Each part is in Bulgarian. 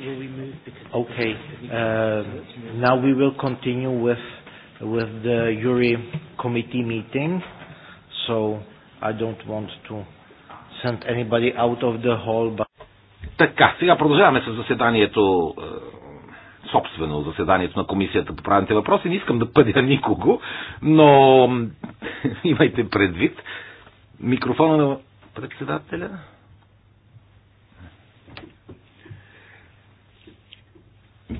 will we move because Okay. Uh, now we will continue with with the jury committee meeting. So I don't want to send anybody out of the hall but Така, сега продължаваме с заседанието е, собствено заседанието на комисията по правните въпроси. Не искам да пъдя никого, но имайте предвид микрофона на председателя.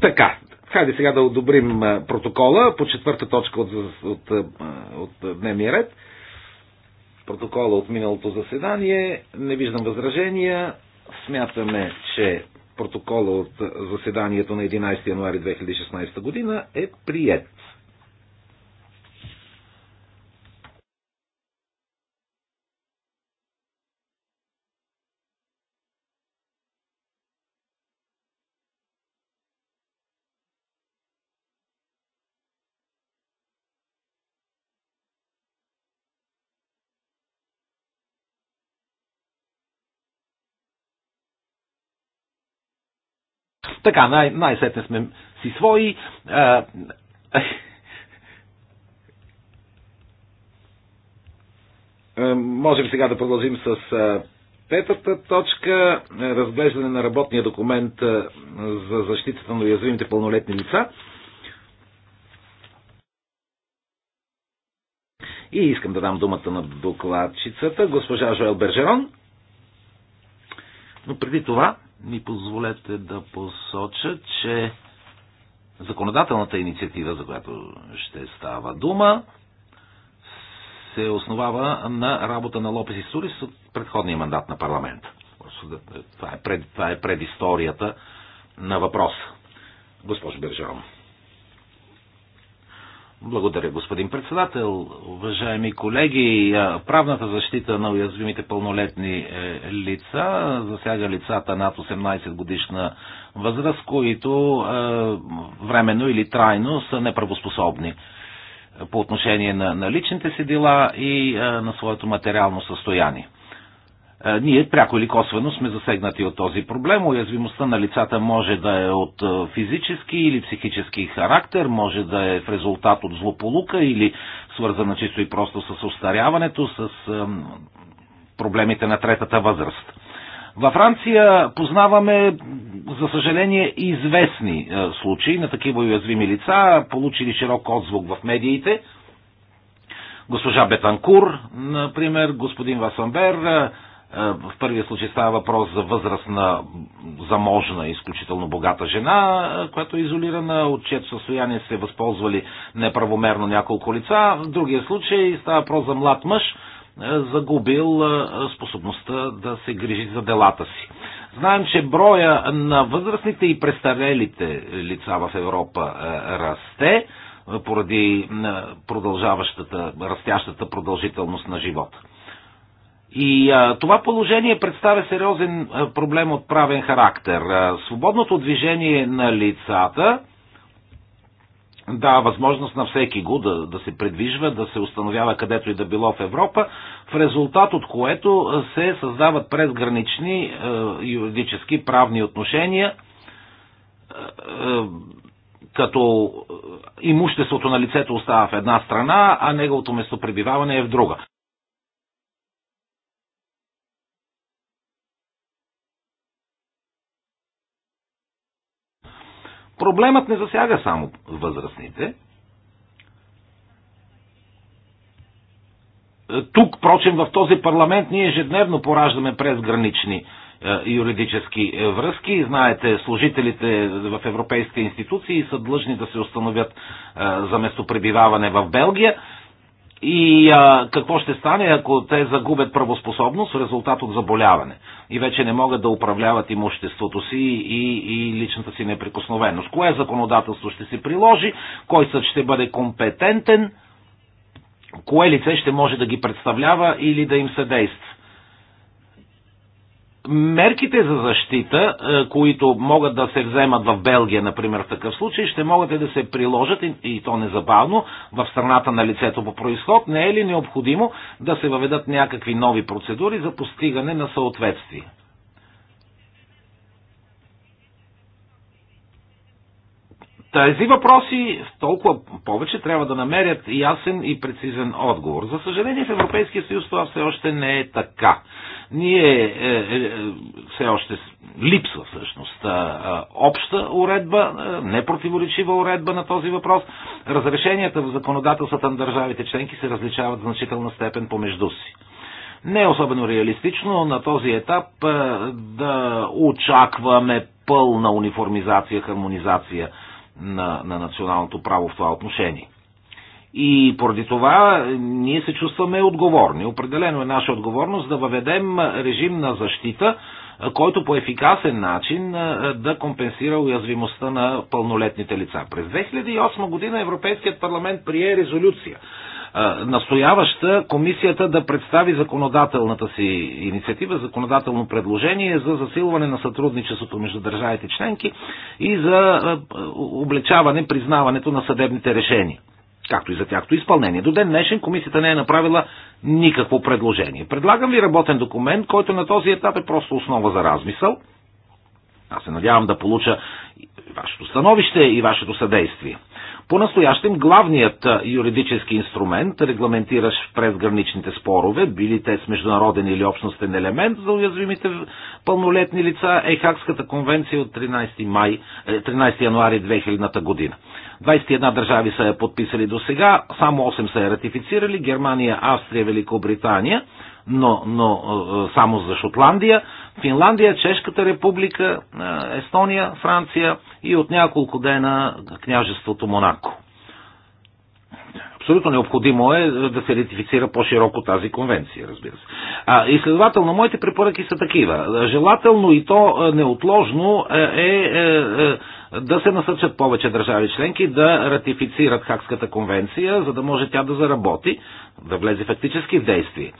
Така, хайде сега да одобрим протокола по четвърта точка от, от, от дневния ред. Протокола от миналото заседание. Не виждам възражения. Смятаме, че протокола от заседанието на 11 януари 2016 година е прият. Така, най- най-сетне сме си свои. А, Можем сега да продължим с петата точка разглеждане на работния документ за защитата на уязвимите пълнолетни лица. И искам да дам думата на докладчицата, госпожа Жоел Бержерон. Но преди това ми позволете да посоча, че законодателната инициатива, за която ще става дума, се основава на работа на Лопес и Сурис от предходния мандат на парламента. Това е, пред, това е предисторията на въпроса. Госпожо Бержанова. Благодаря, господин председател. Уважаеми колеги, правната защита на уязвимите пълнолетни е, лица засяга лицата над 18 годишна възраст, които временно или трайно са неправоспособни по отношение на, личните си дела и на своето материално състояние. Е, ние пряко или косвено сме засегнати от този проблем. Уязвимостта на лицата може да е от е, физически или психически характер, може да е в резултат от злополука или свързана чисто и просто с остаряването, с е, проблемите на третата възраст. Във Франция познаваме, за съжаление, известни случаи на такива уязвими лица, получили широк отзвук в медиите. Госпожа Бетанкур, например, господин Васамбер, е, в първия случай става въпрос за възраст на заможна, изключително богата жена, е, която е изолирана, от чието състояние се възползвали неправомерно няколко лица. В другия случай става въпрос за млад мъж, е, загубил способността да се грижи за делата си. Знаем, че броя на възрастните и престарелите лица в Европа расте поради продължаващата, растящата продължителност на живота. И а, това положение представя сериозен а, проблем от правен характер. А, свободното движение на лицата дава възможност на всеки го да, да се предвижва, да се установява където и да било в Европа, в резултат от което се създават презгранични е, юридически правни отношения, е, е, като имуществото на лицето остава в една страна, а неговото местопребиваване е в друга. Проблемът не засяга само възрастните. Е, тук, прочим, в този парламент ние ежедневно пораждаме през гранични е, юридически е, връзки. Знаете, служителите в европейски институции са длъжни да се установят за местопребиваване в Белгия и а, какво ще стане, ако те загубят правоспособност в резултат от заболяване и вече не могат да управляват имуществото си и, и личната си неприкосновеност. Кое законодателство ще се приложи, кой съд ще бъде компетентен, кое лице ще може да ги представлява или да им съдейства мерките за защита, е, които могат да се вземат в Белгия, например, в такъв случай, ще могат и да се приложат, и то незабавно, в страната на лицето по происход, не е ли необходимо да се въведат някакви нови процедури за постигане на съответствие? Тези въпроси в толкова повече трябва да намерят ясен и прецизен отговор. За съжаление в Европейския съюз това все още не е така. Ние е, е, е, все още липсва всъщност обща уредба, непротиворечива уредба на този въпрос. Разрешенията в законодателствата на държавите членки се различават в значителна степен помежду си. Не е особено реалистично на този етап да очакваме пълна униформизация, хармонизация на, на националното право в това отношение. И поради това е, ние се чувстваме отговорни. Определено е наша отговорност да въведем режим на защита, е, който по ефикасен начин е, да компенсира уязвимостта на пълнолетните лица. През 2008 година Европейският парламент прие резолюция, настояваща комисията да представи законодателната си инициатива, законодателно предложение за засилване на сътрудничеството между държавите членки и за обличаване признаването на съдебните решения както и за тяхто изпълнение. До ден днешен комисията не е направила никакво предложение. Предлагам ви работен документ, който на този етап е просто основа за размисъл. Аз се надявам да получа вашето становище и вашето съдействие. По-настоящем главният юридически инструмент, регламентиращ през граничните спорове, били те с международен или общностен елемент за уязвимите пълнолетни лица, е Хакската конвенция от 13, май, 13 е, януари 2000 година. 21 държави са я подписали до сега, само 8 са я ратифицирали, Германия, Австрия, Великобритания, но, но само за Шотландия, Финландия, Чешката република, Естония, Франция и от няколко дена княжеството Монако. Абсолютно необходимо е да се ретифицира по-широко тази конвенция, разбира се. А, и следователно, моите препоръки са такива. Желателно и то е, неотложно е, е, е, е да се насъчат повече държави членки да ратифицират Хакската конвенция, за да може тя да заработи, да влезе фактически в действие.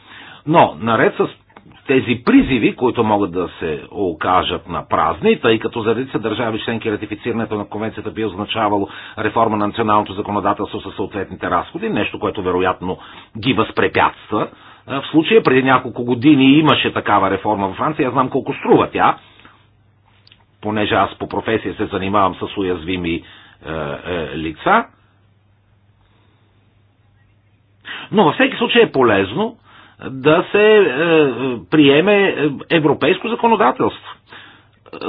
Но, наред с тези призиви, които могат да се окажат на празни, тъй като за редица държави членки ратифицирането на конвенцията би означавало реформа на националното законодателство със съответните разходи, нещо, което вероятно ги възпрепятства. Е, в случая преди няколко години имаше такава реформа във Франция, аз знам колко струва тя, понеже аз по професия се занимавам с уязвими е, е, лица. Но във всеки случай е полезно да се е, приеме европейско законодателство,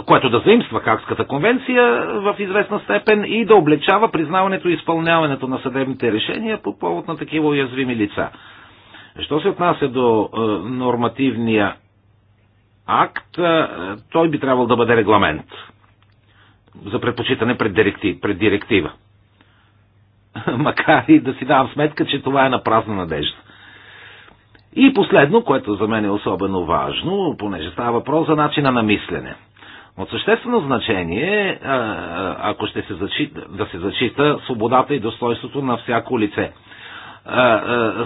което да заимства Хагската конвенция в известна степен и да облегчава признаването и изпълняването на съдебните решения по повод на такива уязвими лица. Що се отнася до е, нормативния акт, е, той би трябвало да бъде регламент за предпочитане пред, директив, пред директива. Макар и да си давам сметка, че това е на празна надежда. И последно, което за мен е особено важно, понеже става въпрос за начина на мислене. От съществено значение, е, ако ще се зачита, да се зачита свободата и достоинството на всяко лице.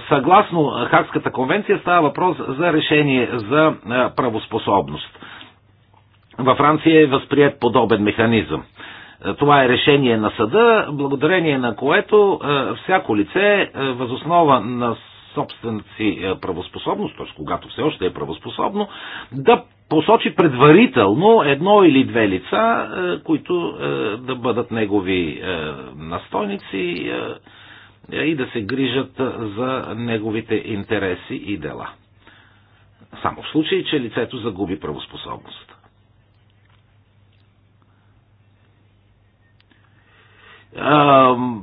Съгласно Хакската конвенция става въпрос за решение за правоспособност. Във Франция е възприят подобен механизъм. Това е решение на съда, благодарение на което всяко лице, възоснова на собствената си е, правоспособност, т.е. когато все още е правоспособно, да посочи предварително едно или две лица, е, които е, да бъдат негови настойници и да се грижат за неговите интереси и дела. Само в случай, че лицето загуби правоспособност. Um,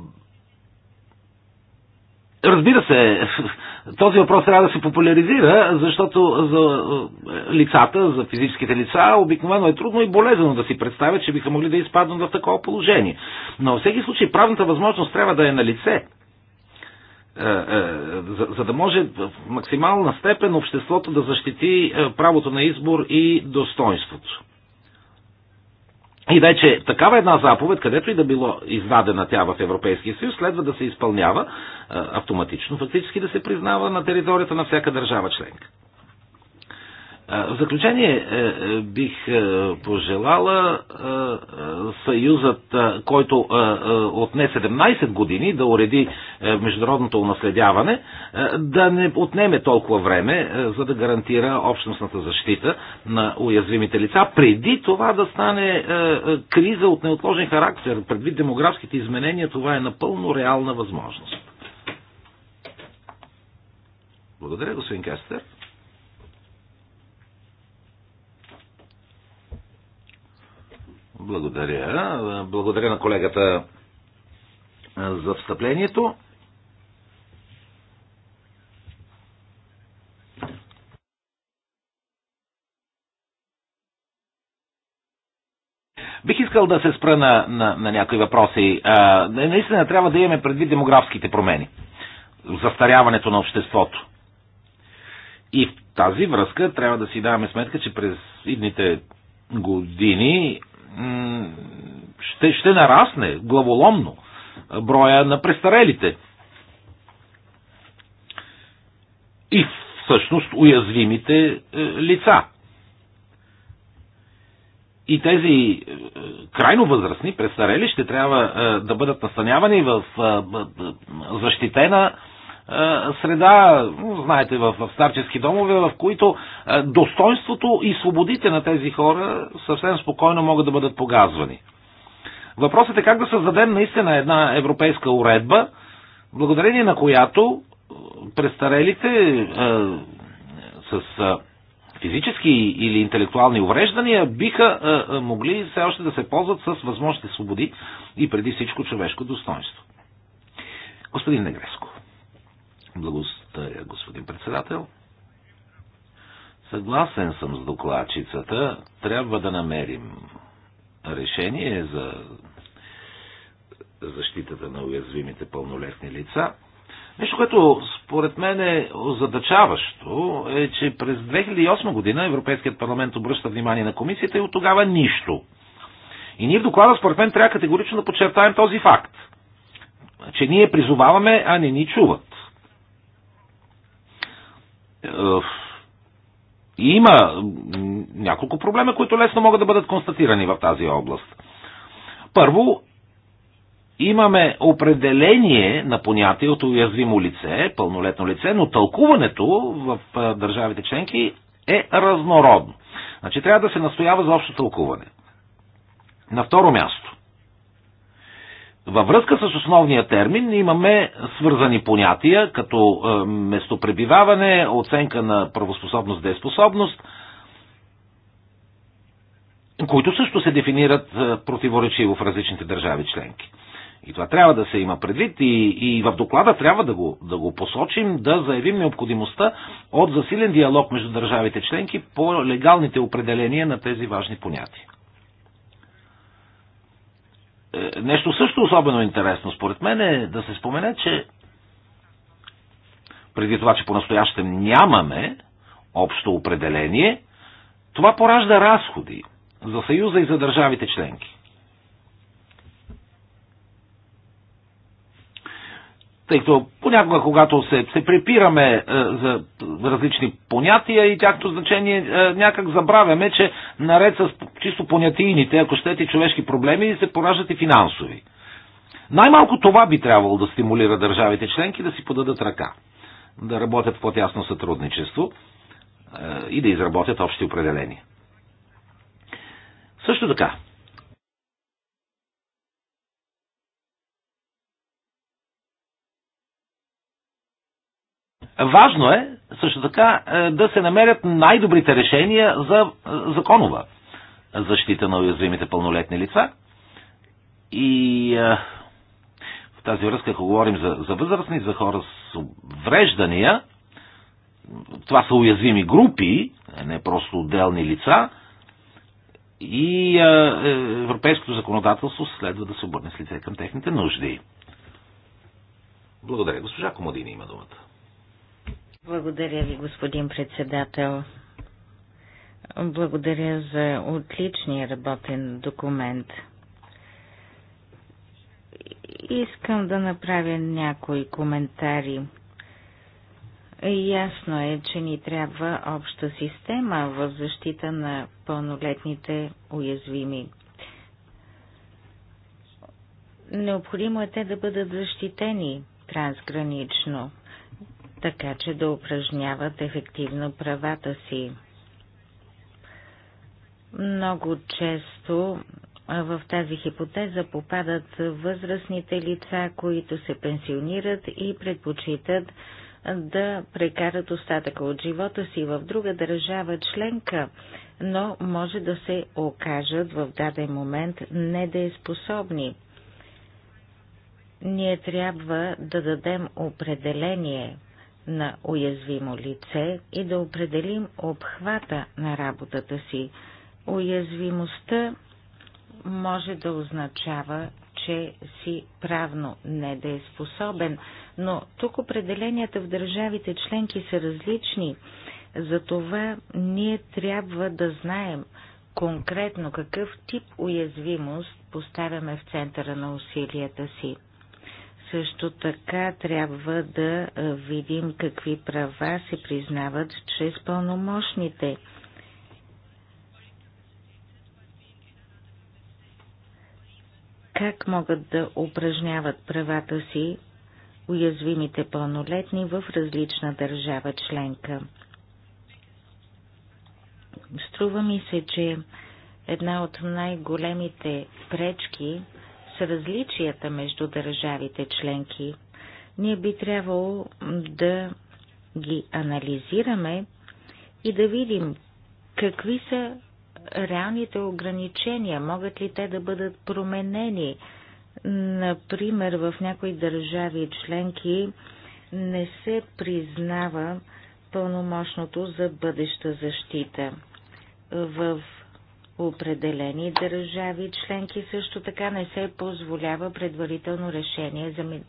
Разбира се, този въпрос трябва да се популяризира, защото за е, лицата, за физическите лица, обикновено е трудно и болезнено да си представят, че биха могли да изпаднат в такова положение. Но във всеки случай правната възможност трябва да е на лице, е, е, за, за да може в максимална степен обществото да защити правото на избор и достоинството. И вече такава една заповед, където и да било издадена тя в Европейския съюз, следва да се изпълнява автоматично, фактически да се признава на територията на всяка държава членка. В заключение е, е, бих е, пожелала съюзът, който отне 17 години да уреди международното унаследяване, да не отнеме толкова време, за да гарантира общностната защита на уязвимите лица, преди това да стане криза от неотложен характер. Предвид демографските изменения, това е напълно реална възможност. Благодаря, господин Кастер. Благодаря. Благодаря на колегата за встъплението. Бих искал да се спра на, на, на някои въпроси. А, наистина трябва да имаме предвид демографските промени, застаряването на обществото. И в тази връзка трябва да си даваме сметка, че през идните години ще, ще нарасне главоломно броя на престарелите. И всъщност уязвимите е, лица. И тези е, крайно възрастни, престарели, ще трябва е, да бъдат настанявани в защитена е, среда, знаете, в, в старчески домове, в които е, достоинството и свободите на тези хора съвсем спокойно могат да бъдат погазвани. Въпросът е как да създадем наистина една европейска уредба, благодарение на която е, престарелите е, с е, физически или интелектуални увреждания биха е, е, могли все още да се ползват с възможните свободи и преди всичко човешко достоинство. Господин Негреско. Благодаря, господин председател. Съгласен съм с докладчицата. Трябва да намерим решение за защитата на уязвимите пълнолетни лица. Нещо, което според мен е озадачаващо, е, че през 2008 година Европейският парламент обръща внимание на комисията и от тогава нищо. И ние в доклада, според мен, трябва категорично да подчертаем този факт. Че ние призоваваме, а не ни чуват. Е, има няколко проблема, които лесно могат да бъдат констатирани в тази област. Първо, имаме определение на понятието уязвимо лице, пълнолетно лице, но тълкуването в е, държавите членки е разнородно. Значи трябва да се настоява за общо тълкуване. На второ място, във връзка с основния термин имаме свързани понятия, като е, местопребиваване, оценка на правоспособност, дееспособност, които също се дефинират е, противоречиво в различните държави членки. И това трябва да се има предвид и, и в доклада трябва да го, да го посочим, да заявим необходимостта от засилен диалог между държавите членки по легалните определения на тези важни понятия. Е, нещо също особено интересно според мен е да се спомене, че преди това, че по-настоящем нямаме общо определение, това поражда разходи за Съюза и за държавите членки. Тъй като понякога, когато се, се препираме е, за различни понятия и тяхто значение, е, някак забравяме, че наред с чисто понятийните, ако щете, човешки проблеми, се пораждат и финансови. Най-малко това би трябвало да стимулира държавите членки да си подадат ръка, да работят в по-тясно сътрудничество е, и да изработят общи определения. Също така, Важно е също така е, да се намерят най-добрите решения за е, законова защита на уязвимите пълнолетни лица. И е, в тази връзка, ако говорим за, за възрастни, за хора с увреждания, това са уязвими групи, не просто отделни лица, и европейското законодателство следва да се обърне с лице към техните нужди. Благодаря. Госпожа Комодини има думата. Благодаря ви, господин председател. Благодаря за отличния работен документ. Искам да направя някои коментари. Ясно е, че ни трябва обща система в защита на пълнолетните уязвими. Необходимо е те да бъдат защитени трансгранично така че да упражняват ефективно правата си. Много често в тази хипотеза попадат възрастните лица, които се пенсионират и предпочитат да прекарат остатъка от живота си в друга държава членка, но може да се окажат в даден момент недееспособни. Ние трябва да дадем определение на уязвимо лице и да определим обхвата на работата си. Уязвимостта може да означава, че си правно не да е способен, но тук определенията в държавите членки са различни. Затова ние трябва да знаем конкретно какъв тип уязвимост поставяме в центъра на усилията си. Също така трябва да видим какви права се признават чрез пълномощните. Как могат да упражняват правата си уязвимите пълнолетни в различна държава членка? Струва ми се, че една от най-големите пречки – различията между държавите членки. Ние би трябвало да ги анализираме и да видим какви са реалните ограничения, могат ли те да бъдат променени. Например, в някои държави членки не се признава пълномощното за бъдеща защита. В определени държави членки също така не се позволява предварително решение за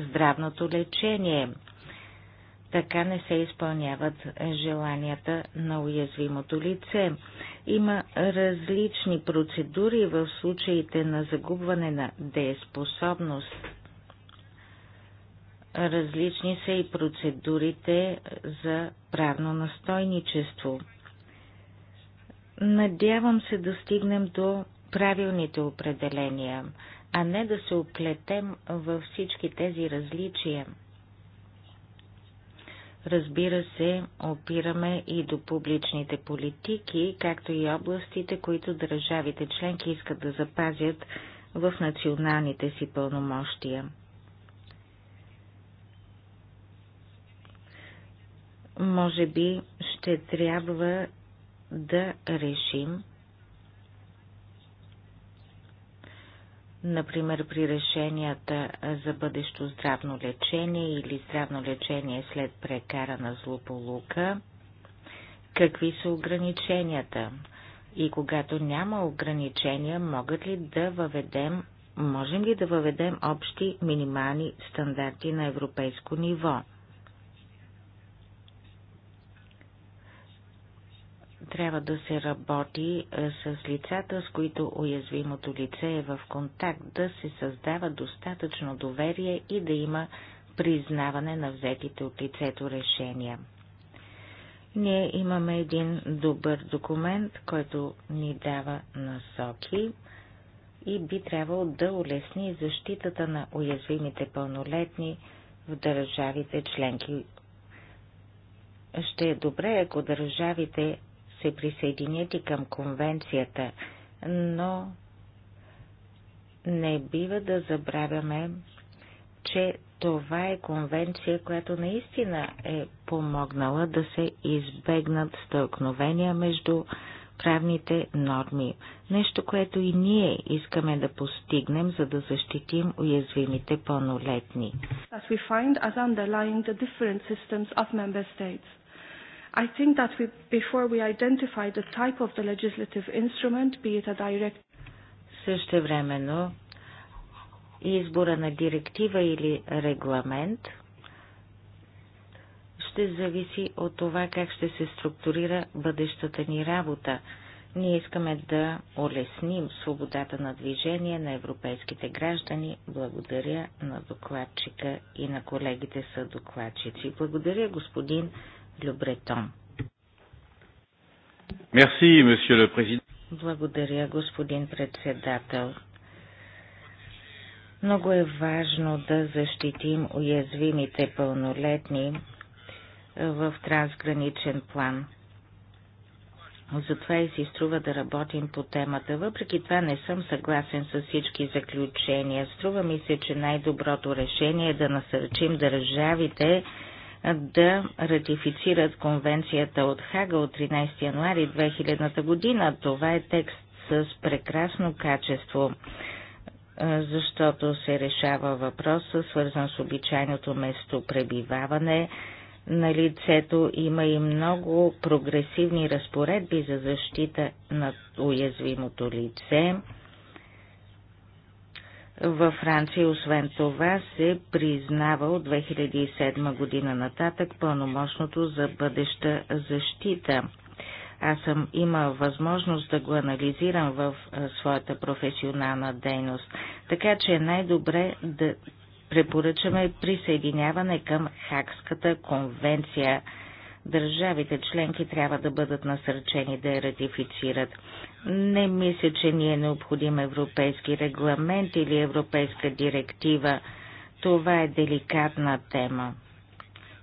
здравното лечение. Така не се изпълняват желанията на уязвимото лице. Има различни процедури в случаите на загубване на дееспособност. Различни са и процедурите за правно настойничество – Надявам се да стигнем до правилните определения, а не да се оплетем във всички тези различия. Разбира се, опираме и до публичните политики, както и областите, които държавите членки искат да запазят в националните си пълномощия. Може би ще трябва да решим, например при решенията за бъдещо здравно лечение или здравно лечение след прекарана злополука, какви са ограниченията и когато няма ограничения, могат ли да въведем, можем ли да въведем общи минимални стандарти на европейско ниво? Трябва да се работи е, с лицата, с които уязвимото лице е в контакт, да се създава достатъчно доверие и да има признаване на взетите от лицето решения. Ние имаме един добър документ, който ни дава насоки и би трябвало да улесни защитата на уязвимите пълнолетни в държавите членки. Ще е добре, ако държавите се присъединят и към конвенцията, но не бива да забравяме, че това е конвенция, която наистина е помогнала да се избегнат стълкновения между правните норми. Нещо, което и ние искаме да постигнем, за да защитим уязвимите пълнолетни. As we find as underlying the different systems of member states. I think that we, before we identify the type of the legislative instrument, be it a direct... Същевременно, избора на директива или регламент ще зависи от това как ще се структурира бъдещата ни работа. Ние искаме да улесним свободата на движение на европейските граждани. Благодаря на докладчика и на колегите са докладчици. Благодаря господин Любретон. Благодаря, господин председател. Много е важно да защитим уязвимите пълнолетни в трансграничен план. Затова и си струва да работим по темата. Въпреки това не съм съгласен с всички заключения. Струва ми се, че най-доброто решение е да насърчим държавите да ратифицират конвенцията от Хага от 13 януари 2000 година. Това е текст с прекрасно качество, защото се решава въпроса, свързан с обичайното место пребиваване на лицето. Има и много прогресивни разпоредби за защита на уязвимото лице във Франция, освен това, се признава от 2007 година нататък пълномощното за бъдеща защита. Аз съм имал възможност да го анализирам в своята професионална дейност, така че е най-добре да препоръчаме присъединяване към Хакската конвенция. Държавите членки трябва да бъдат насърчени да я ратифицират. Не мисля, че ни е необходим европейски регламент или европейска директива. Това е деликатна тема.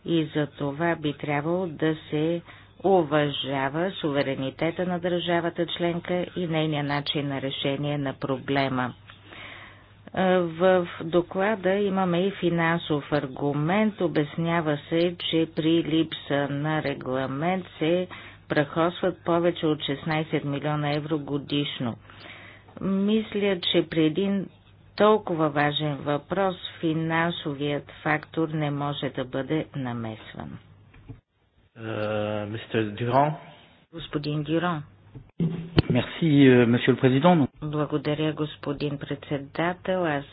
И за това би трябвало да се уважава суверенитета на държавата членка и нейния начин на решение на проблема. В доклада имаме и финансов аргумент. Обяснява се, че при липса на регламент се прахосват повече от 16 милиона евро годишно. Мисля, че при един толкова важен въпрос финансовият фактор не може да бъде намесван. Е, мистер uh, Дюрон. Господин Дюран. Мерси, е, месье президент. Благодаря, господин председател. Аз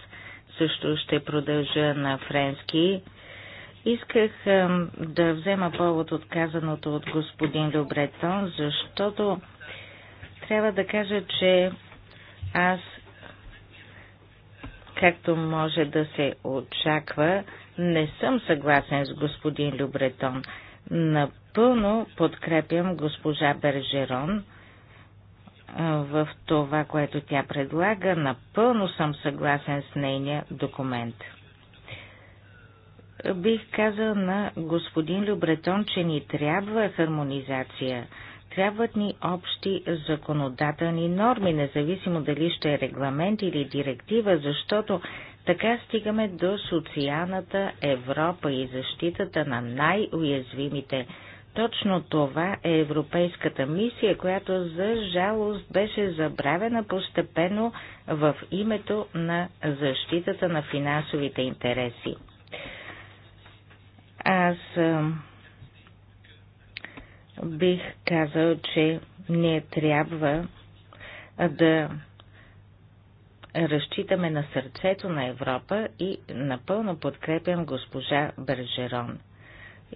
също ще продължа на френски. Исках да взема повод от казаното от господин Добретон, защото трябва да кажа, че аз, както може да се очаква, не съм съгласен с господин Любретон. Напълно подкрепям госпожа Бержерон в това, което тя предлага. Напълно съм съгласен с нейния документ. Бих казал на господин Любретон, че ни трябва хармонизация. Трябват ни общи законодателни норми, независимо дали ще е регламент или директива, защото така стигаме до социалната Европа и защитата на най-уязвимите. Точно това е европейската мисия, която за жалост беше забравена постепенно в името на защитата на финансовите интереси. Аз бих казал, че не трябва да разчитаме на сърцето на Европа и напълно подкрепям госпожа Бержерон.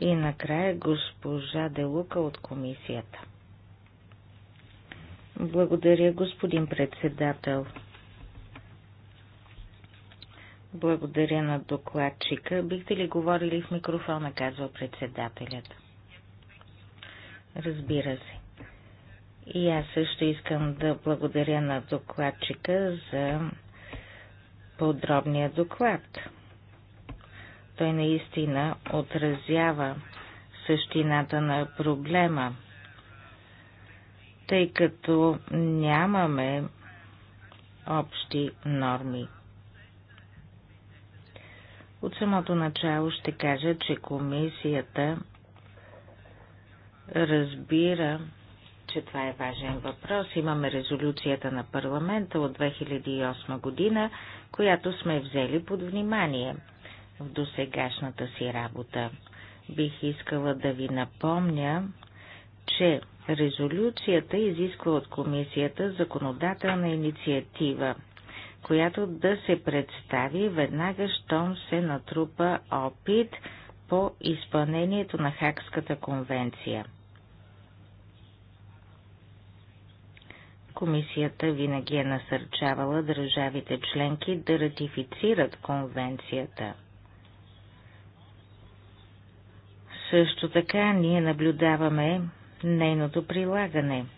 И накрая госпожа Делука от комисията. Благодаря, господин председател. Благодаря на докладчика. Бихте ли говорили в микрофона, казва председателят. Разбира се. И аз също искам да благодаря на докладчика за подробния доклад. Той наистина отразява същината на проблема, тъй като нямаме общи норми от самото начало ще кажа, че комисията разбира, че това е важен въпрос. Имаме резолюцията на парламента от 2008 година, която сме взели под внимание в досегашната си работа. Бих искала да ви напомня, че резолюцията изисква от комисията законодателна инициатива – която да се представи веднага, щом се натрупа опит по изпълнението на Хакската конвенция. Комисията винаги е насърчавала държавите членки да ратифицират конвенцията. Също така ние наблюдаваме нейното прилагане –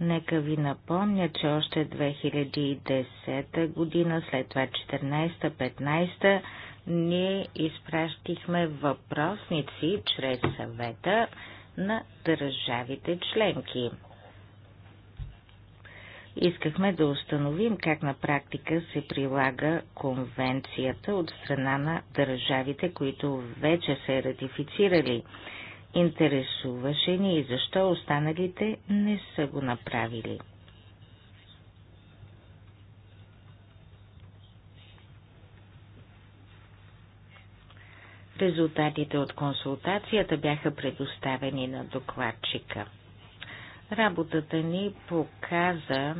Нека ви напомня, че още 2010 година, след това 14-15, ние изпращихме въпросници чрез съвета на държавите членки. Искахме да установим как на практика се прилага конвенцията от страна на държавите, които вече са е ратифицирали. Интересуваше ни и защо останалите не са го направили. Резултатите от консултацията бяха предоставени на докладчика. Работата ни показа,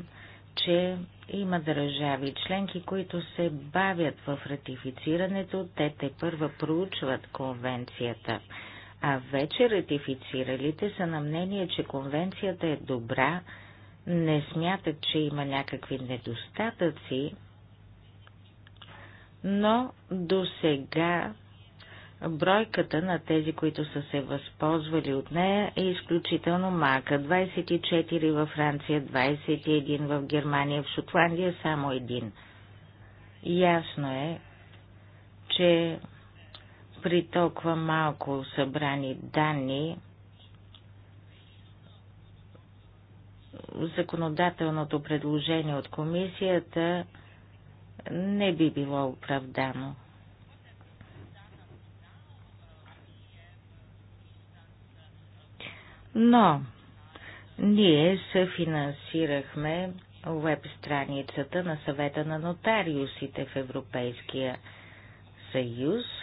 че има държави членки, които се бавят в ратифицирането, те те първа проучват конвенцията – а вече ратифициралите са на мнение, че конвенцията е добра, не смятат, че има някакви недостатъци, но до сега бройката на тези, които са се възползвали от нея е изключително малка. 24 във Франция, 21 в Германия, в Шотландия само един. Ясно е, че при толкова малко събрани данни, законодателното предложение от комисията не би било оправдано. Но ние съфинансирахме веб страницата на съвета на нотариусите в Европейския съюз –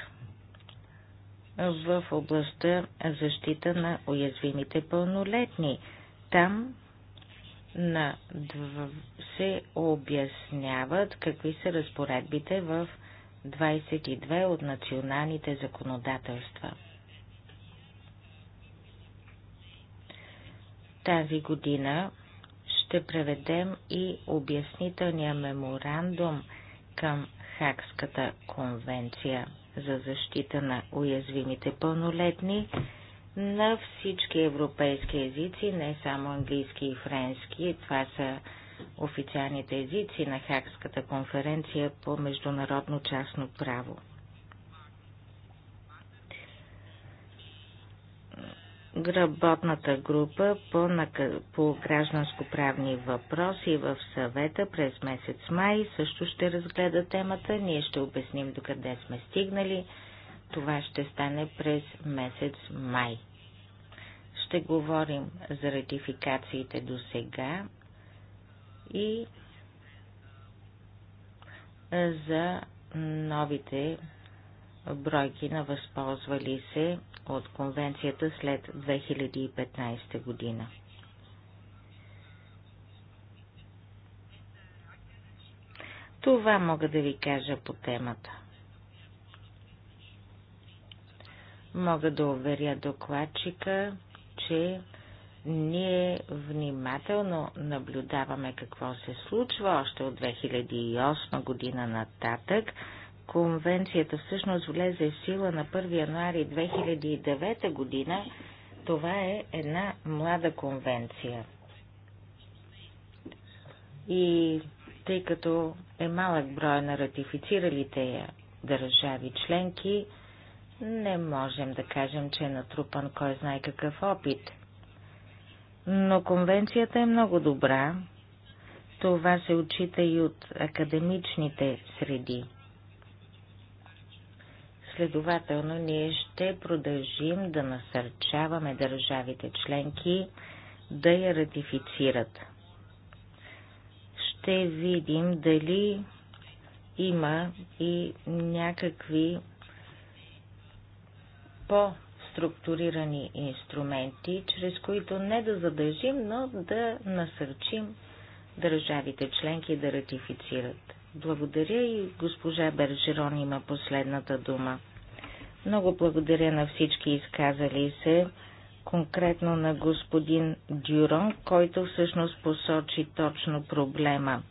в областта защита на уязвимите пълнолетни. Там на се обясняват какви са разпоредбите в 22 от националните законодателства. Тази година ще преведем и обяснителния меморандум към Хакската конвенция – за защита на уязвимите пълнолетни на всички европейски езици, не само английски и френски. Това са официалните езици на Хакската конференция по международно частно право. Работната група по, по гражданско-правни въпроси в съвета през месец май също ще разгледа темата. Ние ще обясним докъде сме стигнали. Това ще стане през месец май. Ще говорим за ратификациите до сега и за новите бройки на възползвали се от конвенцията след 2015 година. Това мога да ви кажа по темата. Мога да уверя докладчика, че ние внимателно наблюдаваме какво се случва още от 2008 година нататък Конвенцията всъщност влезе в сила на 1 януари 2009 година. Това е една млада конвенция. И тъй като е малък брой на ратифициралите я държави членки, не можем да кажем, че е натрупан кой знае какъв опит. Но конвенцията е много добра. Това се отчита и от академичните среди. Следователно, ние ще продължим да насърчаваме държавите членки да я ратифицират. Ще видим дали има и някакви по-структурирани инструменти, чрез които не да задължим, но да насърчим държавите членки да ратифицират. Благодаря и госпожа Бержерон има последната дума. Много благодаря на всички изказали се, конкретно на господин Дюрон, който всъщност посочи точно проблема.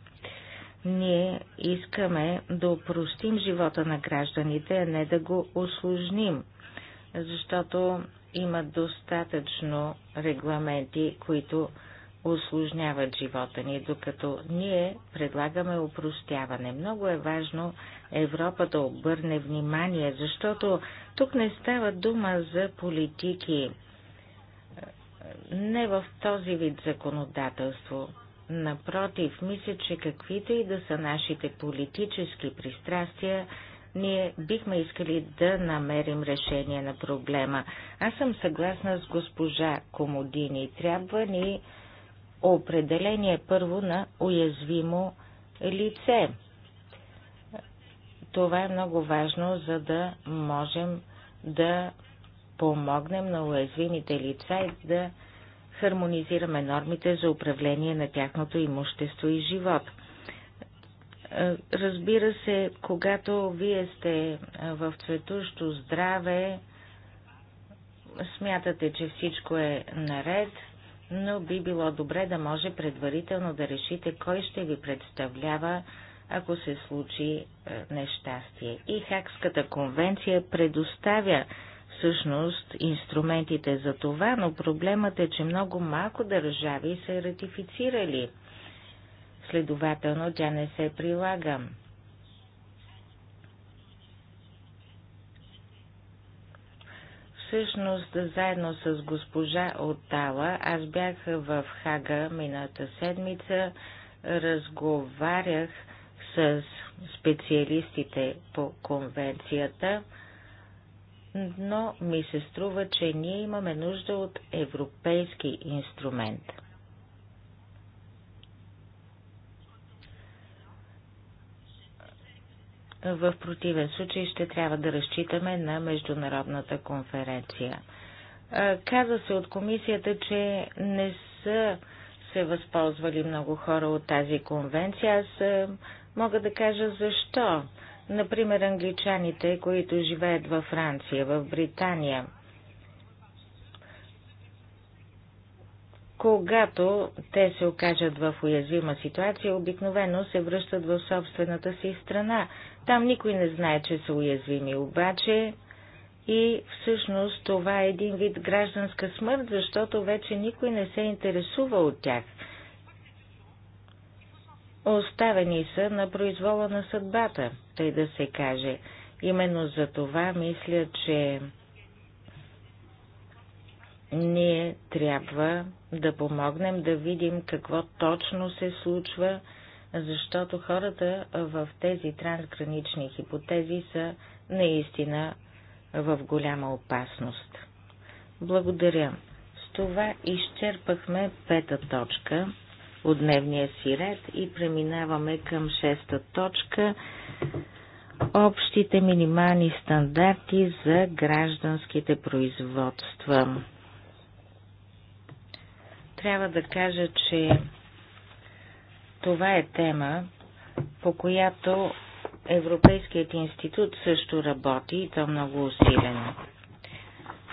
Ние искаме да упростим живота на гражданите, а не да го осложним, защото има достатъчно регламенти, които осложняват живота ни, докато ние предлагаме упростяване. Много е важно Европа да обърне внимание, защото тук не става дума за политики. Не в този вид законодателство. Напротив, мисля, че каквито и да са нашите политически пристрастия, ние бихме искали да намерим решение на проблема. Аз съм съгласна с госпожа Комодини. Трябва ни определение първо на уязвимо лице. Това е много важно, за да можем да помогнем на уязвимите лица и да хармонизираме нормите за управление на тяхното имущество и живот. Разбира се, когато вие сте в цветущо здраве, смятате, че всичко е наред, но би било добре да може предварително да решите кой ще ви представлява, ако се случи е, нещастие. И Хакската конвенция предоставя всъщност инструментите за това, но проблемът е, че много малко държави са ратифицирали. Следователно, тя не се прилага. Всъщност, заедно с госпожа Отала, аз бях в Хага мината седмица, разговарях с специалистите по конвенцията, но ми се струва, че ние имаме нужда от европейски инструмент – В противен случай ще трябва да разчитаме на международната конференция. Каза се от комисията, че не са се възползвали много хора от тази конвенция. Аз мога да кажа защо. Например, англичаните, които живеят във Франция, в Британия. Когато те се окажат в уязвима ситуация, обикновено се връщат в собствената си страна. Там никой не знае, че са уязвими, обаче и всъщност това е един вид гражданска смърт, защото вече никой не се интересува от тях. Оставени са на произвола на съдбата, тъй да се каже. Именно за това мисля, че ние трябва да помогнем да видим какво точно се случва, защото хората в тези трансгранични хипотези са наистина в голяма опасност. Благодаря. С това изчерпахме пета точка от дневния си ред и преминаваме към шеста точка общите минимални стандарти за гражданските производства. Трябва да кажа, че това е тема, по която Европейският институт също работи и то много усилено.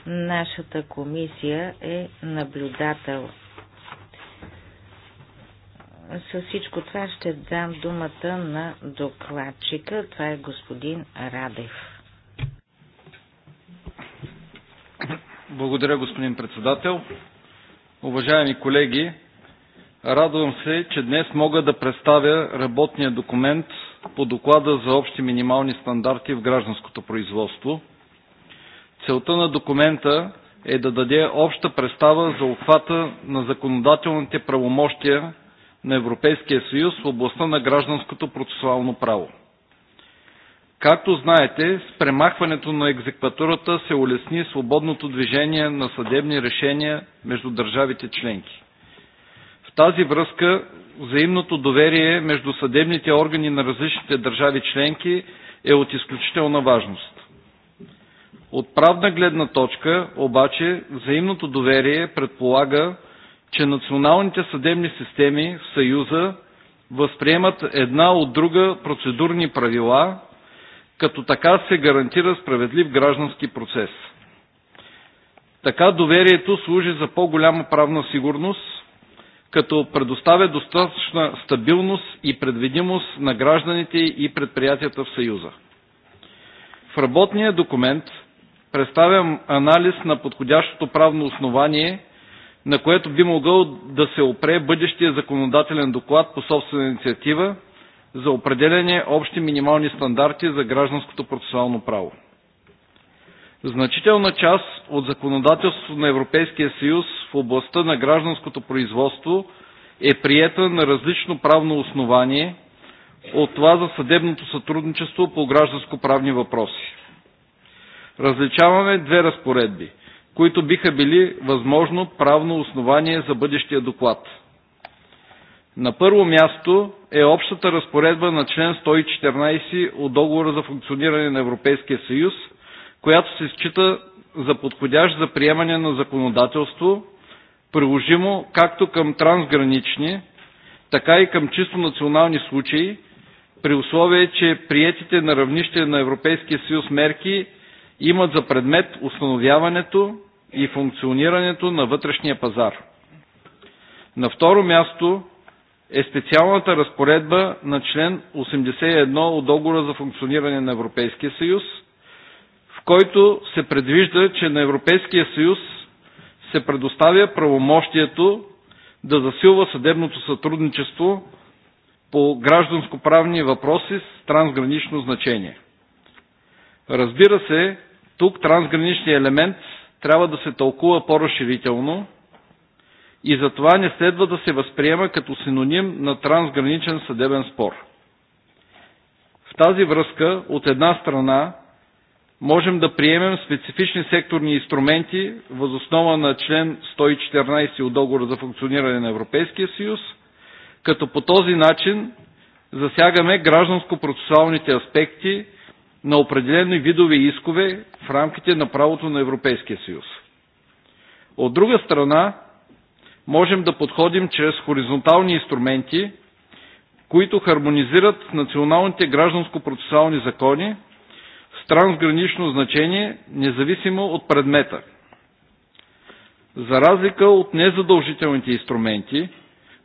Нашата комисия е наблюдател. С всичко това ще дам думата на докладчика. Това е господин Радев. Благодаря, господин председател. Уважаеми колеги, Радвам се, че днес мога да представя работния документ по доклада за общи минимални стандарти в гражданското производство. Целта на документа е да даде обща представа за обхвата на законодателните правомощия на Европейския съюз в областта на гражданското процесуално право. Както знаете, с премахването на екзекватурата се улесни свободното движение на съдебни решения между държавите членки тази връзка взаимното доверие между съдебните органи на различните държави членки е от изключителна важност. От правна гледна точка обаче взаимното доверие предполага, че националните съдебни системи в Съюза възприемат една от друга процедурни правила, като така се гарантира справедлив граждански процес. Така доверието служи за по-голяма правна сигурност като предоставя достатъчна стабилност и предвидимост на гражданите и предприятията в Съюза. В работния документ представям анализ на подходящото правно основание, на което би могъл да се опре бъдещия законодателен доклад по собствена инициатива за определение общи минимални стандарти за гражданското процесуално право. Значителна част от законодателството на Европейския съюз в областта на гражданското производство е приета на различно правно основание от това за съдебното сътрудничество по гражданско-правни въпроси. Различаваме две разпоредби, които биха били възможно правно основание за бъдещия доклад. На първо място е общата разпоредба на член 114 от Договора за функциониране на Европейския съюз – която се счита за подходящ за приемане на законодателство, приложимо както към трансгранични, така и към чисто национални случаи, при условие, че приетите на равнище на Европейския съюз мерки имат за предмет установяването и функционирането на вътрешния пазар. На второ място е специалната разпоредба на член 81 от Договора за функциониране на Европейския съюз – който се предвижда, че на Европейския съюз се предоставя правомощието да засилва съдебното сътрудничество по гражданско-правни въпроси с трансгранично значение. Разбира се, тук трансграничният елемент трябва да се тълкува по-разширително и затова не следва да се възприема като синоним на трансграничен съдебен спор. В тази връзка, от една страна, можем да приемем специфични секторни инструменти възоснова на член 114 от договора за функциониране на Европейския съюз, като по този начин засягаме гражданско-процесуалните аспекти на определени видове искове в рамките на правото на Европейския съюз. От друга страна, можем да подходим чрез хоризонтални инструменти, които хармонизират националните гражданско-процесуални закони с трансгранично значение, независимо от предмета. За разлика от незадължителните инструменти,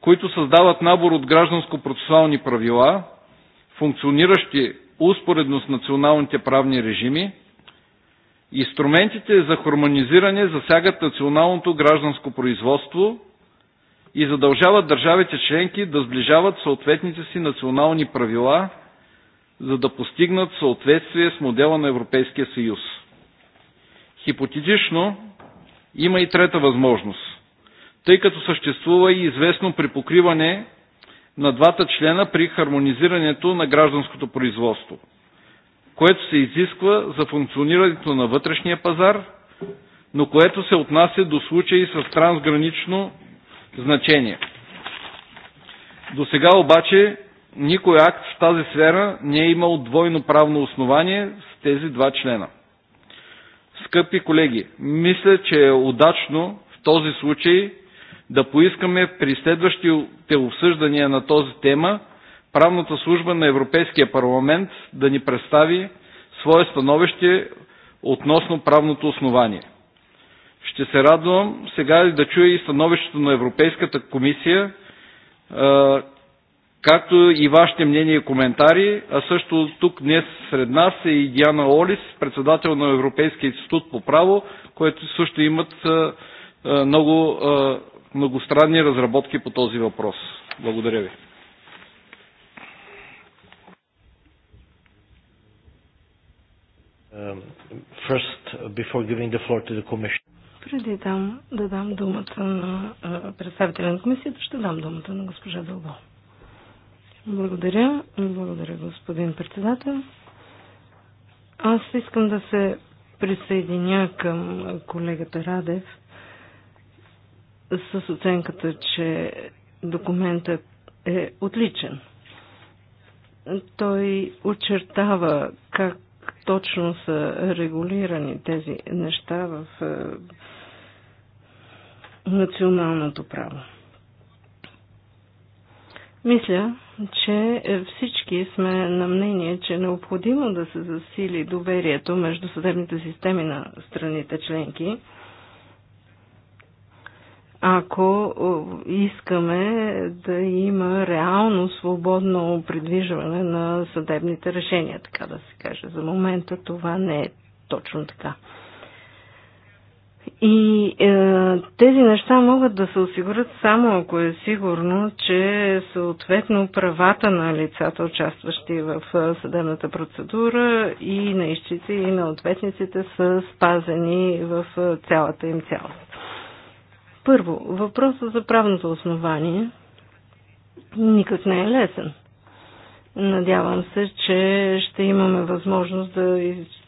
които създават набор от гражданско-процесуални правила, функциониращи успоредно с националните правни режими, инструментите за хармонизиране засягат националното гражданско производство и задължават държавите членки да сближават съответните си национални правила – за да постигнат съответствие с модела на Европейския съюз. Хипотетично има и трета възможност, тъй като съществува и известно припокриване на двата члена при хармонизирането на гражданското производство, което се изисква за функционирането на вътрешния пазар, но което се отнася до случаи с трансгранично значение. До сега обаче никой акт в тази сфера не е имал двойно правно основание с тези два члена. Скъпи колеги, мисля, че е удачно в този случай да поискаме при следващите обсъждания на този тема правната служба на Европейския парламент да ни представи свое становище относно правното основание. Ще се радвам сега да чуя и становището на Европейската комисия, както и вашите мнения и коментари, а също тук днес сред нас е и Диана Олис, председател на Европейския институт по право, което също имат много многостранни разработки по този въпрос. Благодаря ви. Um, first, uh, before giving the floor to the commission. Преди дам, да дам думата на представителя на комисията, ще дам думата на госпожа Дълбо. Благодаря. Благодаря, господин председател. Аз искам да се присъединя към колегата Радев с оценката, че документът е отличен. Той очертава как точно са регулирани тези неща в е, националното право. Мисля, че всички сме на мнение, че е необходимо да се засили доверието между съдебните системи на страните членки, ако искаме да има реално свободно придвижване на съдебните решения, така да се каже. За момента това не е точно така. И е, тези неща могат да се осигурят само ако е сигурно, че съответно правата на лицата, участващи в е, съдебната процедура и на изчите и на ответниците са спазени в е, цялата им цялост. Първо, въпросът за правното основание никак не е лесен. Надявам се, че ще имаме възможност да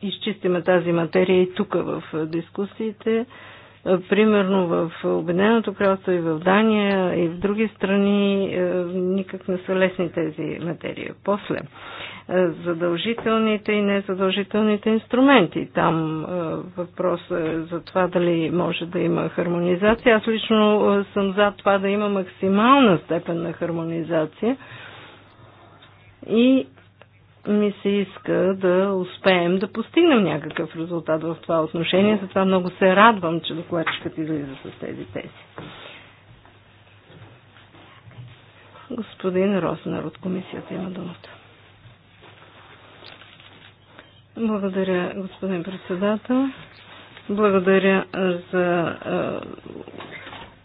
изчистиме тази материя и тук в дискусиите. Примерно в Обединеното кралство и в Дания и в други страни никак не са лесни тези материи. После, задължителните и незадължителните инструменти. Там въпросът е за това дали може да има хармонизация. Аз лично съм за това да има максимална степен на хармонизация. И ми се иска да успеем да постигнем някакъв резултат в това отношение. Затова много се радвам, че докладчикът излиза с тези тези. Господин Роснер от комисията има думата. Благодаря, господин председател. Благодаря за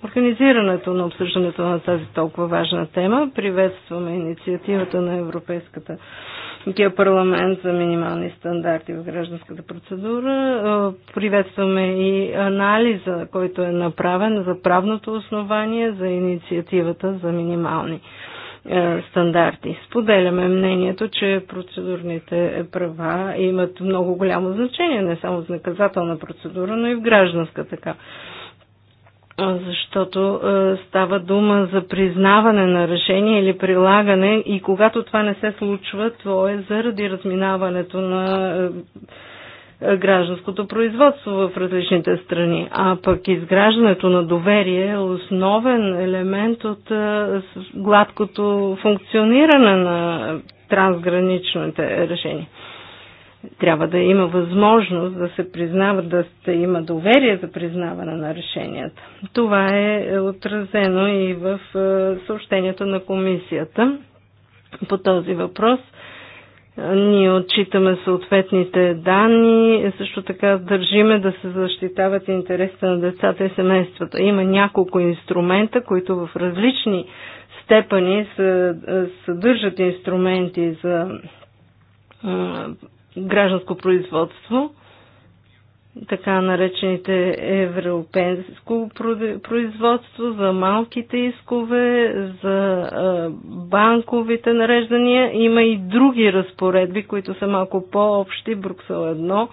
организирането на обсъждането на тази толкова важна тема. Приветстваме инициативата на Европейската Европейския парламент за минимални стандарти в гражданската процедура. Е, приветстваме и анализа, който е направен за правното основание за инициативата за минимални е, стандарти. Споделяме мнението, че процедурните права имат много голямо значение, не само в наказателна процедура, но и в гражданска така защото става дума за признаване на решение или прилагане и когато това не се случва, то е заради разминаването на гражданското производство в различните страни. А пък изграждането на доверие е основен елемент от гладкото функциониране на трансграничните решения трябва да има възможност да се признава, да се има доверие за признаване на решенията. Това е отразено и в е, съобщението на комисията по този въпрос. Е, ние отчитаме съответните данни, също така държиме да се защитават интересите на децата и семействата. Има няколко инструмента, които в различни степени е, съдържат инструменти за гражданско производство, така наречените европейско производство, за малките искове, за банковите нареждания. Има и други разпоредби, които са малко по-общи. Бруксел 1,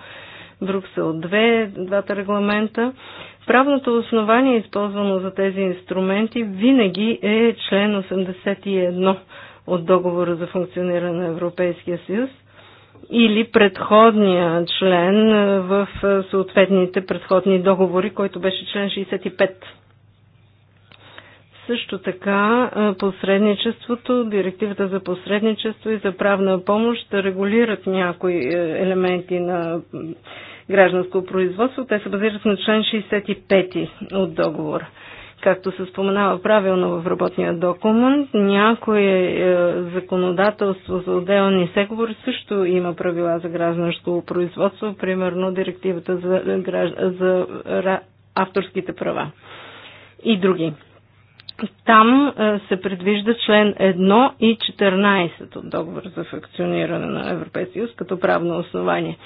Бруксел 2, двата регламента. Правното основание, използвано за тези инструменти, винаги е член 81 от договора за функциониране на Европейския съюз или предходния член в съответните предходни договори, който беше член 65. Също така посредничеството, директивата за посредничество и за правна помощ да регулират някои е, елементи на гражданско производство. Те се базират на член 65 от договора. Както се споменава правилно в работния документ, някое е, законодателство за отделни сектори също има правила за гражданско производство, примерно директивата за, за авторските права и други. Там е, се предвижда член 1 и 14 от договор за функциониране на Европейския съюз като правно основание.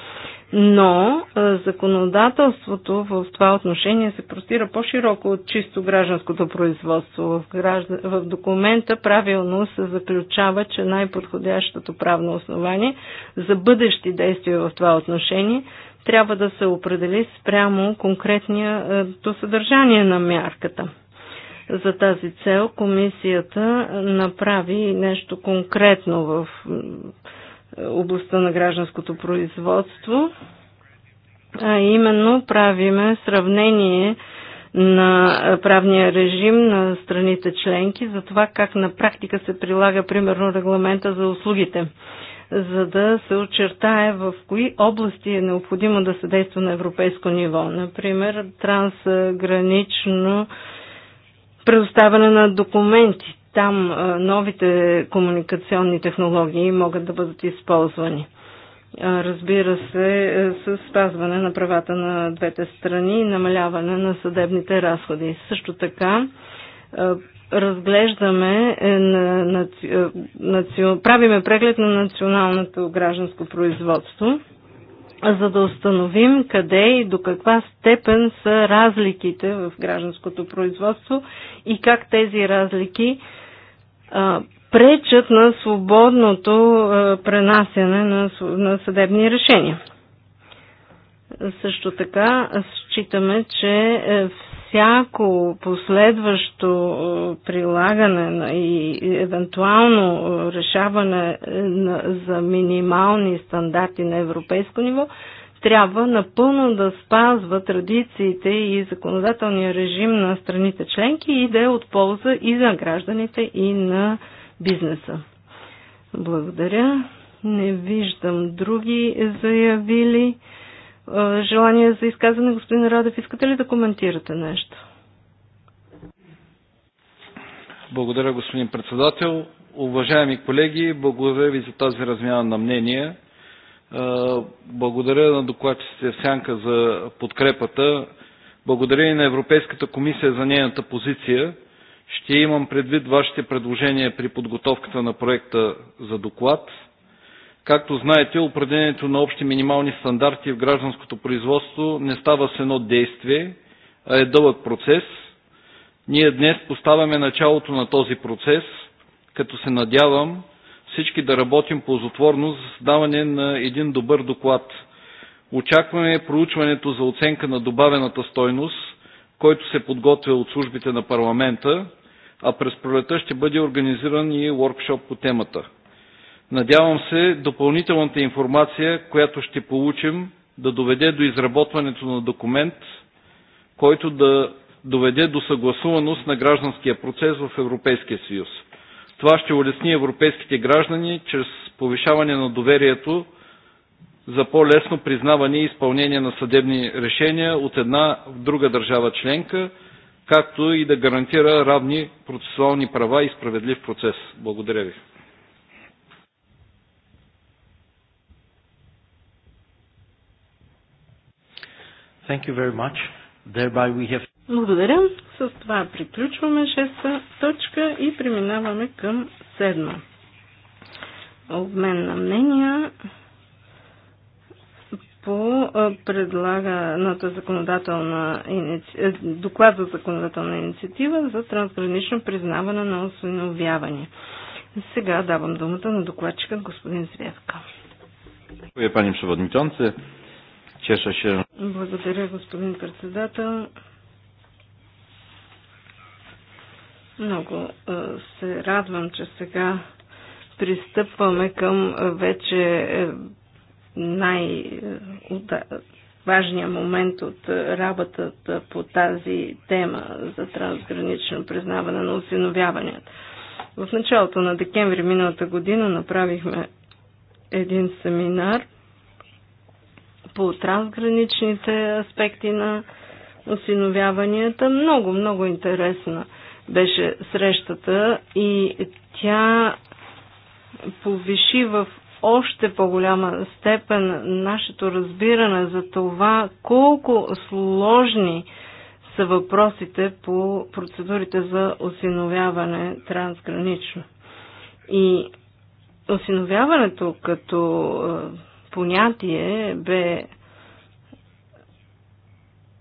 Но е, законодателството в това отношение се простира по-широко от чисто гражданското производство. В, документа правилно се заключава, че най-подходящото правно основание за бъдещи действия в това отношение трябва да се определи спрямо конкретния е, съдържание на мярката. За тази цел комисията направи нещо конкретно в областта на гражданското производство, а именно правиме сравнение на правния режим на страните членки за това как на практика се прилага примерно регламента за услугите, за да се очертае в кои области е необходимо да се действа на европейско ниво. Например, трансгранично предоставяне на документи. Там новите комуникационни технологии могат да бъдат използвани. Разбира се, е, с спазване на правата на двете страни и намаляване на съдебните разходи. Също така, разглеждаме, е, на, на, на, правиме преглед на националното гражданско производство – за да установим къде и до каква степен са разликите в гражданското производство и как тези разлики а, пречат на свободното а, пренасяне на, на съдебни решения. Също така считаме, че е, всяко последващо е, прилагане и евентуално е, решаване е, за минимални стандарти на европейско ниво трябва напълно да спазва традициите и законодателния режим на страните членки и да е от полза и на гражданите, и на бизнеса. Благодаря. Не виждам други заявили е, желание за изказване, господин Радев, искате ли да коментирате нещо? Благодаря, господин председател. Уважаеми колеги, благодаря ви за тази размяна на мнения. Е, благодаря на докладчиците Сянка за подкрепата. Благодаря и на Европейската комисия за нейната позиция. Ще имам предвид вашите предложения при подготовката на проекта за доклад. Както знаете, определението на общи минимални стандарти в гражданското производство не става с едно действие, а е дълъг процес. Ние днес поставяме началото на този процес, като се надявам всички да работим ползотворно за създаване на един добър доклад. Очакваме проучването за оценка на добавената стойност, който се подготвя от службите на парламента, а през пролета ще бъде организиран и воркшоп по темата. Надявам се допълнителната информация, която ще получим, да доведе до изработването на документ, който да доведе до съгласуваност на гражданския процес в Европейския съюз. Това ще улесни европейските граждани чрез повишаване на доверието за по-лесно признаване и изпълнение на съдебни решения от една в друга държава членка, както и да гарантира равни процесуални права и справедлив процес. Благодаря ви. Thank you very much. Thereby we have... Благодаря. С това приключваме шеста точка и преминаваме към седма. Обмен на мнения по предлаганата законодателна иници... Е, доклад за законодателна инициатива за трансгранично признаване на осиновяване. Сега давам думата на докладчика господин Звявка. Dziękuję panie przewodniczący. Благодаря, господин председател. Много се радвам, че сега пристъпваме към вече е, най-важния момент от работата по тази тема за трансгранично признаване на осиновяванията. В началото на декември миналата година направихме един семинар – по трансграничните аспекти на осиновяванията. Много, много интересна беше срещата и тя повиши в още по-голяма степен нашето разбиране за това колко сложни са въпросите по процедурите за осиновяване трансгранично. И осиновяването като понятие бе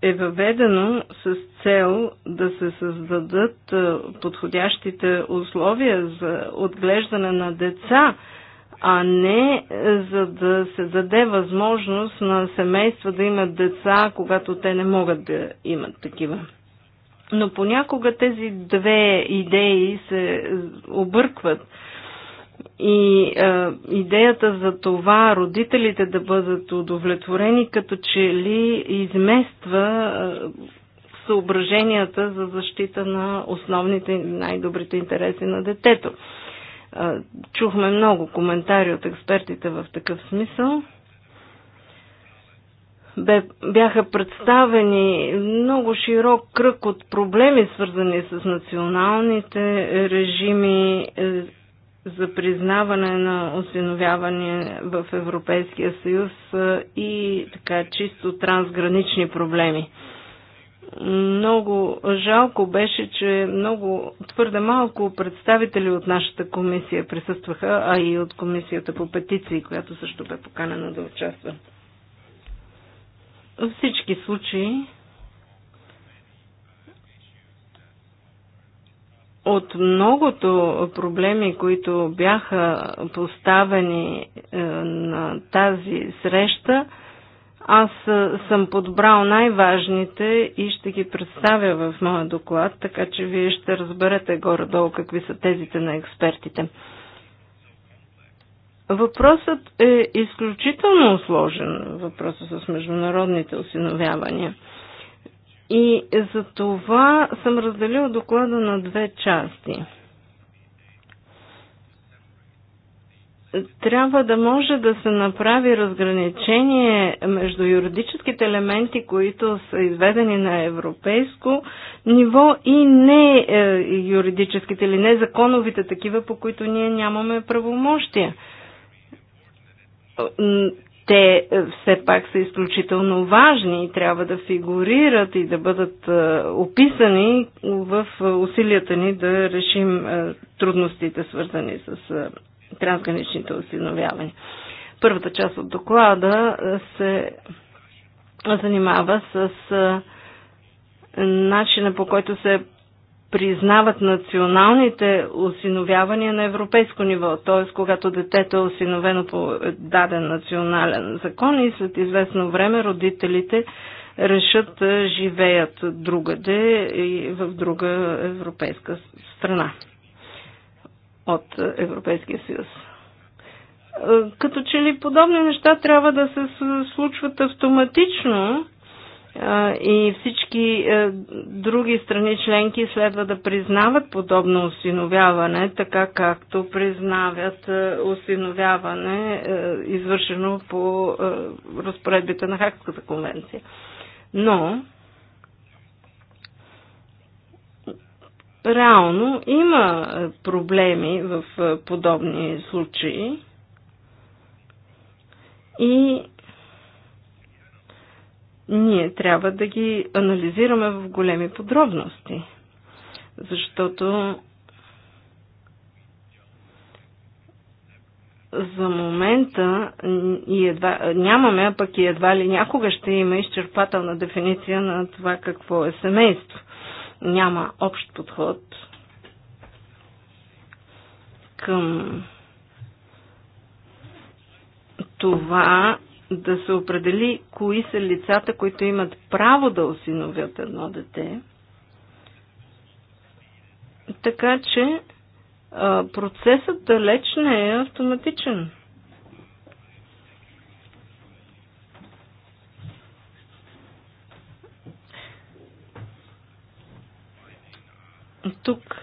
е въведено с цел да се създадат е, подходящите условия за отглеждане на деца, а не е, за да се даде възможност на семейства да имат деца, когато те не могат да имат такива. Но понякога тези две идеи се объркват и а, е, идеята за това родителите да бъдат удовлетворени като че ли измества а, е, съображенията за защита на основните най-добрите интереси на детето. А, е, чухме много коментари от експертите в такъв смисъл. Бе, бяха представени много широк кръг от проблеми, свързани с националните режими за признаване на осиновяване в Европейския съюз и така чисто трансгранични проблеми. Много жалко беше, че много твърде малко представители от нашата комисия присъстваха, а и от комисията по петиции, която също бе поканена да участва. Във всички случаи от многото проблеми, които бяха поставени е, на тази среща, аз е, съм подбрал най-важните и ще ги представя в моя доклад, така че вие ще разберете горе-долу какви са тезите на експертите. Въпросът е изключително сложен, въпросът с международните осиновявания – и за това съм разделил доклада на две части. Трябва да може да се направи разграничение между юридическите елементи, които са изведени на европейско ниво и не е, юридическите или незаконовите такива, по които ние нямаме правомощия те е, все пак са изключително важни и трябва да фигурират и да бъдат е, описани в е, усилията ни да решим трудностите, свързани с трансграничните осиновявания. Първата част от доклада се занимава с начина по който се признават националните осиновявания на европейско ниво, т.е. когато детето е осиновено по даден национален закон и след известно време родителите решат да е, живеят другаде и в друга европейска страна от Европейския съюз. Е, като че ли подобни неща трябва да се случват автоматично, и всички е, други страни членки следва да признават подобно осиновяване, така както признават е, осиновяване, е, извършено по разпоредбите на Хакската конвенция. Но, реално има проблеми в подобни случаи и ние трябва да ги анализираме в големи подробности, защото за момента и едва, нямаме, а пък и едва ли някога ще има изчерпателна дефиниция на това какво е семейство. Няма общ подход към това да се определи кои са лицата, които имат право да осиновят едно дете. Така че процесът далеч не е автоматичен. Тук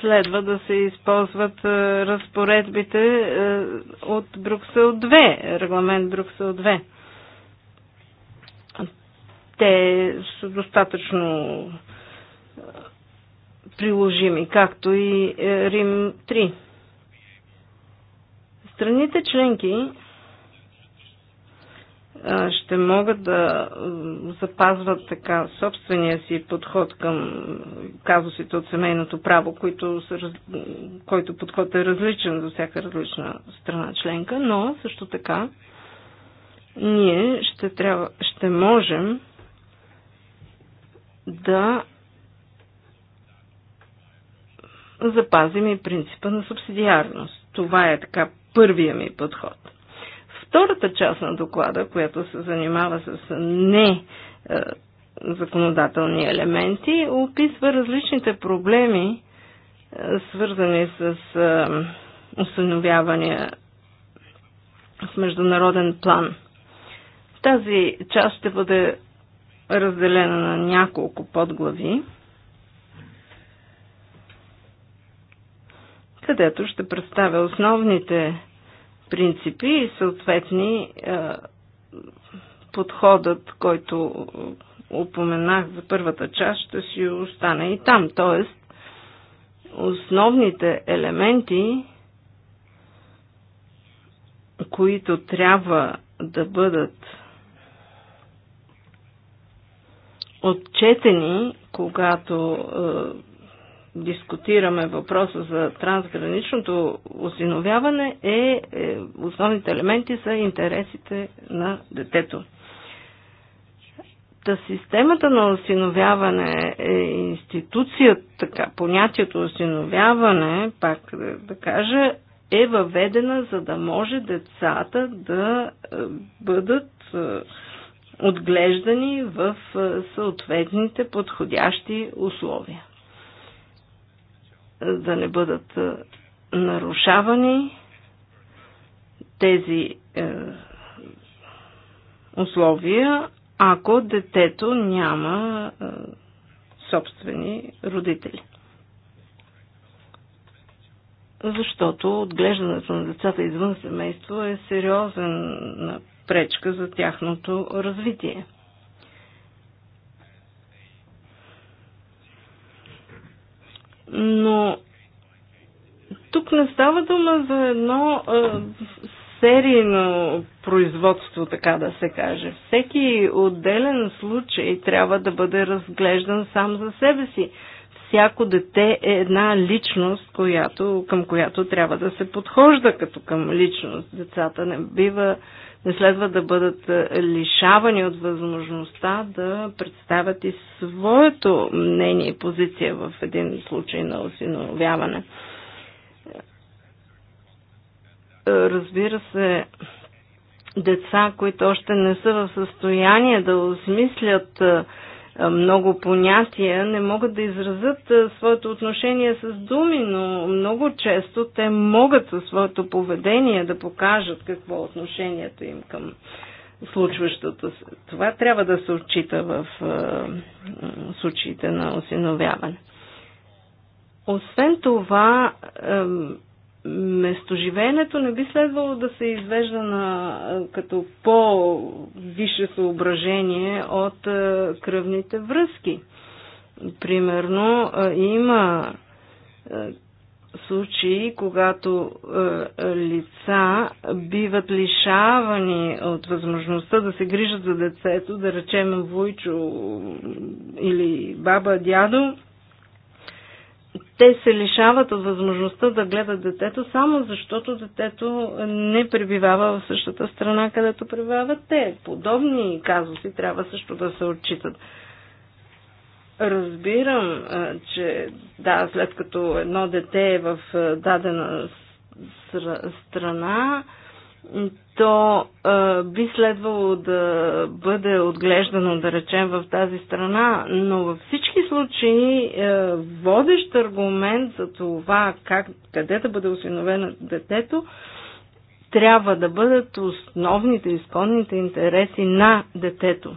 следва да се използват разпоредбите от Бруксел 2, регламент Бруксел 2. Те са достатъчно приложими, както и Рим 3. Страните членки ще могат да запазват така собствения си подход към казусите от семейното право, които са, който подход е различен за всяка различна страна членка, но също така ние ще, трябва, ще можем да запазим и принципа на субсидиарност. Това е така първия ми подход – втората част на доклада, която се занимава с не е, законодателни елементи, описва различните проблеми, е, свързани с е, установявания с международен план. Тази част ще бъде разделена на няколко подглави, където ще представя основните принципи и съответни е, подходът, който е, упоменах за първата част, ще си остане и там. Тоест, основните елементи, които трябва да бъдат отчетени, когато е, дискутираме въпроса за трансграничното осиновяване, е, е основните елементи са интересите на детето. Та системата на осиновяване е институцията, така, понятието осиновяване, пак да, да кажа, е въведена, за да може децата да е, бъдат е, отглеждани в е, съответните подходящи условия да не бъдат е, нарушавани тези е, условия, ако детето няма е, собствени родители. Защото отглеждането на децата извън семейство е сериозен пречка за тяхното развитие. Но тук не става дума за едно а, серийно производство, така да се каже. Всеки отделен случай трябва да бъде разглеждан сам за себе си всяко дете е една личност, която, към която трябва да се подхожда като към личност. Децата не бива, не следва да бъдат е, лишавани от възможността да представят и своето мнение и позиция в един случай на осиновяване. Е, разбира се, деца, които още не са в състояние да осмислят е, е, много понятия не могат да изразят е, своето отношение с думи, но много често те могат със своето поведение да покажат какво е отношението им към случващото се. Това трябва да се отчита в е, случаите на осиновяване. Освен това, местоживеенето не би следвало да се извежда на, като по-висше съображение от кръвните връзки. Примерно има случаи, когато лица биват лишавани от възможността да се грижат за децето, да речем войчо или баба, дядо, те се лишават от възможността да гледат детето само защото детето не пребивава в същата страна, където пребивават те. Подобни казуси трябва също да се отчитат. Разбирам, че да, след като едно дете е в дадена страна, то а, би следвало да бъде отглеждано, да речем, в тази страна, но във всички случаи а, водещ аргумент за това как, къде да бъде осиновено детето, трябва да бъдат основните, изконните интереси на детето.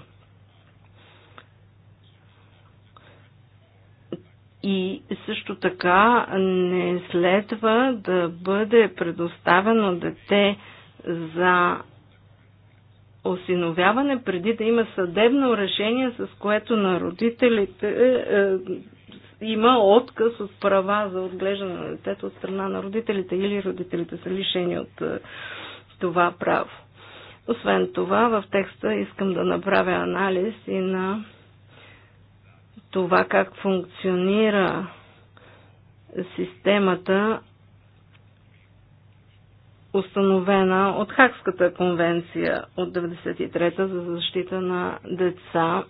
И също така не следва да бъде предоставено дете, за осиновяване преди да има съдебно решение, с което на родителите е, е, има отказ от права за отглеждане на детето от страна на родителите или родителите са лишени от е, това право. Освен това, в текста искам да направя анализ и на това как функционира системата установена от Хакската конвенция от 93-та за защита на деца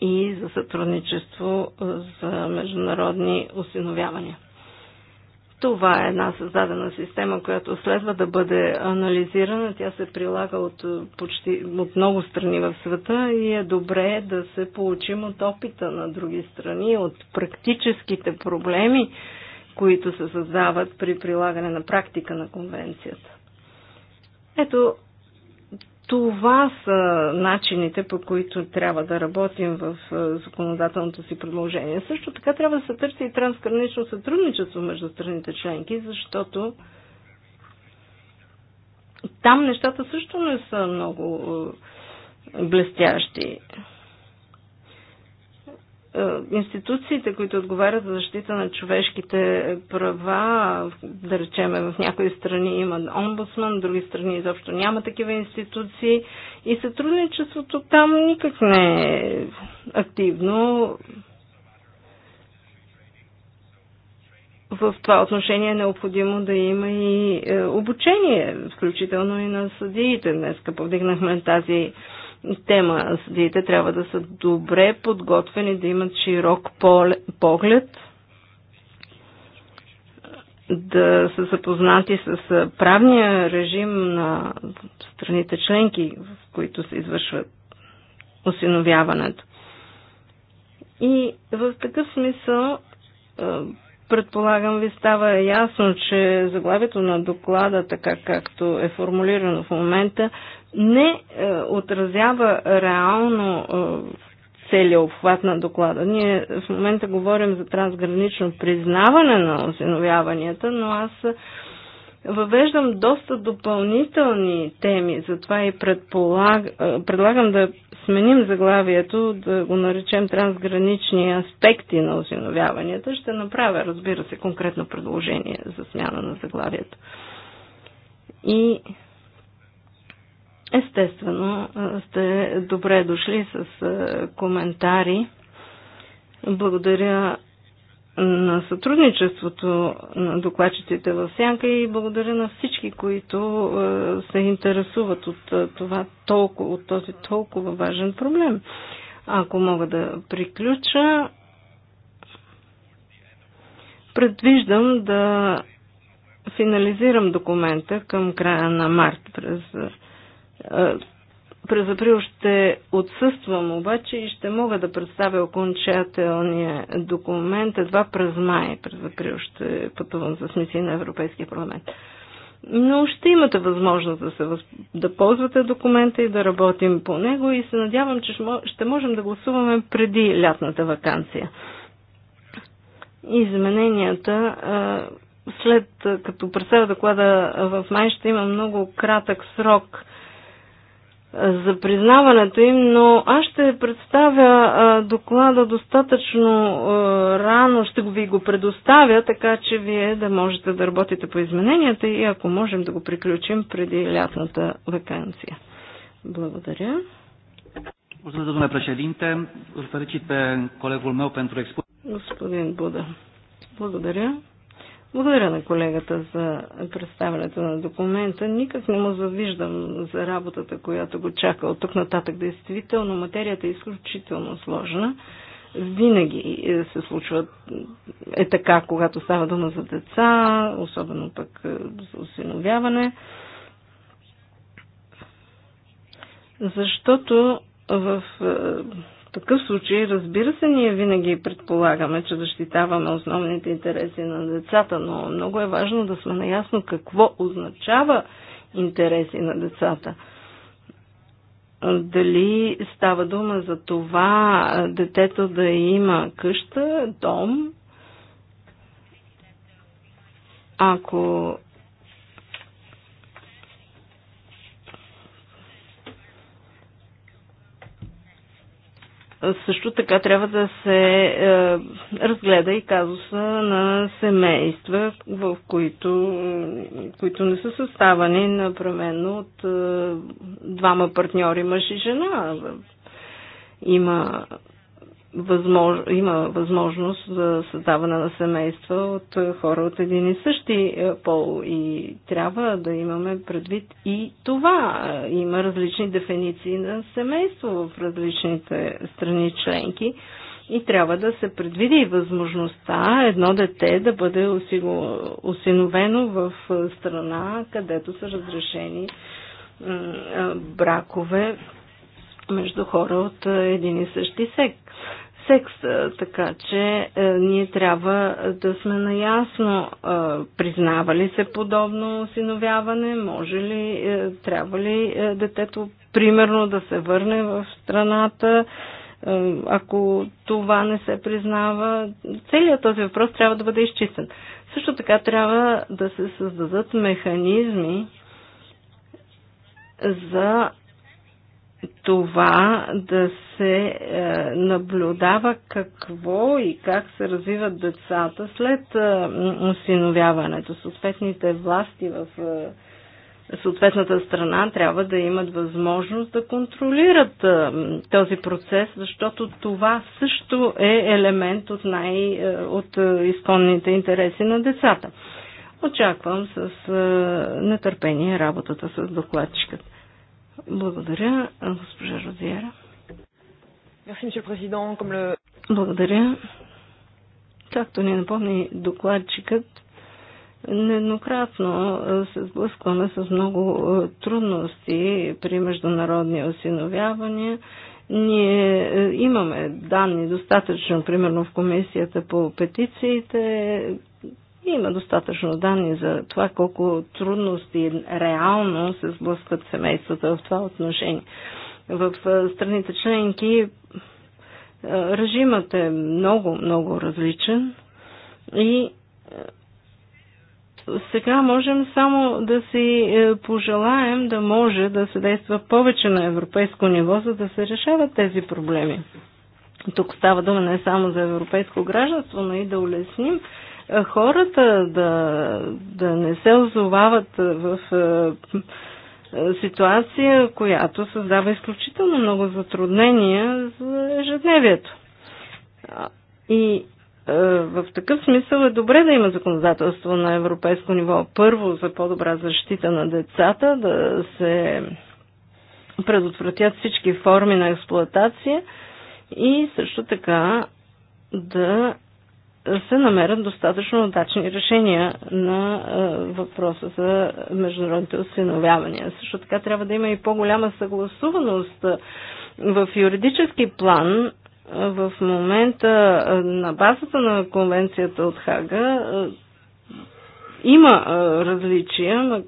и за сътрудничество за международни осиновявания. Това е една създадена система, която следва да бъде анализирана. Тя се прилага от, почти, от много страни в света и е добре да се получим от опита на други страни, от практическите проблеми, които се създават при прилагане на практика на конвенцията. Ето, това са начините, по които трябва да работим в законодателното си предложение. Също така трябва да се търси и трансгранично сътрудничество между страните членки, защото там нещата също не са много блестящи. Е, институциите, които отговарят за защита на човешките права, да речеме в някои страни има омбудсман, в други страни изобщо няма такива институции и сътрудничеството там никак не е активно. В това отношение е необходимо да има и е, обучение, включително и на съдиите. Днеска повдигнахме тази тема. Съдиите трябва да са добре подготвени, да имат широк поглед, да са запознати с правния режим на страните членки, в които се извършват осиновяването. И в такъв смисъл, предполагам ви става ясно, че заглавието на доклада, така както е формулирано в момента, не е, отразява реално е, целият обхват на доклада. Ние в момента говорим за трансгранично признаване на осиновяванията, но аз е, въвеждам доста допълнителни теми, затова и предполаг... предлагам да сменим заглавието, да го наречем трансгранични аспекти на осиновяванията. Ще направя, разбира се, конкретно предложение за смяна на заглавието. И Естествено, сте добре дошли с коментари. Благодаря на сътрудничеството на докладчиците в Сянка и благодаря на всички, които се интересуват от, това, толкова, от този толкова важен проблем. Ако мога да приключа, предвиждам да финализирам документа към края на март през е, през април ще отсъствам обаче и ще мога да представя окончателния документ едва през май. През април ще пътувам за мисия на Европейския парламент. Но ще имате възможност да, се, възп... да ползвате документа и да работим по него и се надявам, че ще можем да гласуваме преди лятната вакансия. Измененията е, след като представя доклада в май ще има много кратък срок за признаването им, но аз ще представя доклада достатъчно рано, ще ви го предоставя, така че вие да можете да работите по измененията и ако можем да го приключим преди лятната вакансия. Благодаря. meu pentru Господин Буда, благодаря. Благодаря на колегата за представянето на документа. Никак не му завиждам за работата, която го чака от тук нататък. Действително, материята е изключително сложна. Винаги е, се случва е така, когато става дума за деца, особено пък е, за осиновяване. Защото в е, в такъв случай, разбира се, ние винаги предполагаме, че защитаваме основните интереси на децата, но много е важно да сме наясно какво означава интереси на децата. Дали става дума за това детето да има къща, дом, ако Също така трябва да се е, разгледа и казуса на семейства, в които, които не са съставани напременно от е, двама партньори мъж и жена. Има възмож... има възможност за създаване на семейства от хора от един и същи е, пол. И трябва да имаме предвид и това. Има различни дефиниции на семейство в различните страни членки. И трябва да се предвиди и възможността едно дете да бъде осиновено в страна, където са разрешени е, бракове между хора от един и същи секс. Секс. така че е, ние трябва да сме наясно, е, признава ли се подобно осиновяване, може ли, е, трябва ли е, детето примерно да се върне в страната, е, ако това не се признава. Целият този въпрос трябва да бъде изчистен. Също така трябва да се създадат механизми за това да се е, наблюдава какво и как се развиват децата след е, осиновяването. Съответните власти в е, съответната страна трябва да имат възможност да контролират е, този процес, защото това също е елемент от, най, е, от е, изконните интереси на децата. Очаквам с е, нетърпение работата с докладчиката. Благодаря, госпожа Розиера. Благодаря. Както ни напомни докладчикът, нееднократно се сблъскваме с много трудности при международни осиновявания. Ние имаме данни достатъчно, примерно в комисията по петициите, има достатъчно данни за това колко трудности реално се сблъскват семействата в това отношение. В страните членки режимът е много, много различен и сега можем само да си е, пожелаем да може да се действа повече на европейско ниво, за да се решават тези проблеми. Тук става дума не само за европейско гражданство, но и да улесним хората да, да не се озовават в е, е, ситуация, която създава изключително много затруднения за ежедневието. И е, в такъв смисъл е добре да има законодателство на европейско ниво. Първо за по-добра защита на децата, да се предотвратят всички форми на експлоатация и също така да се намерят достатъчно удачни решения на въпроса за международните осиновявания. Също така трябва да има и по-голяма съгласуваност в юридически план. В момента на базата на конвенцията от Хага има различия,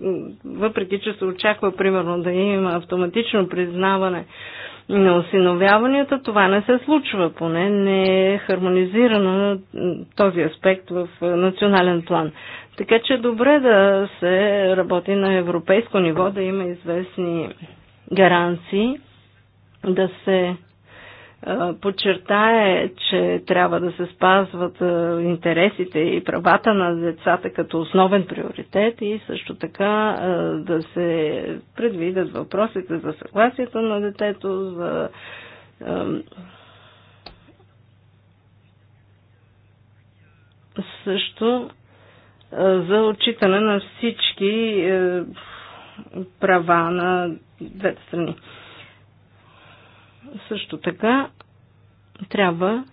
въпреки че се очаква примерно да има автоматично признаване на осиновяванията, това не се случва, поне не е хармонизирано този аспект в национален план. Така че добре да се работи на европейско ниво, да има известни гаранции, да се подчертае, че трябва да се спазват интересите и правата на децата като основен приоритет и също така да се предвидят въпросите за съгласието на детето, за също за отчитане на всички е, права на двете страни. Също така трябва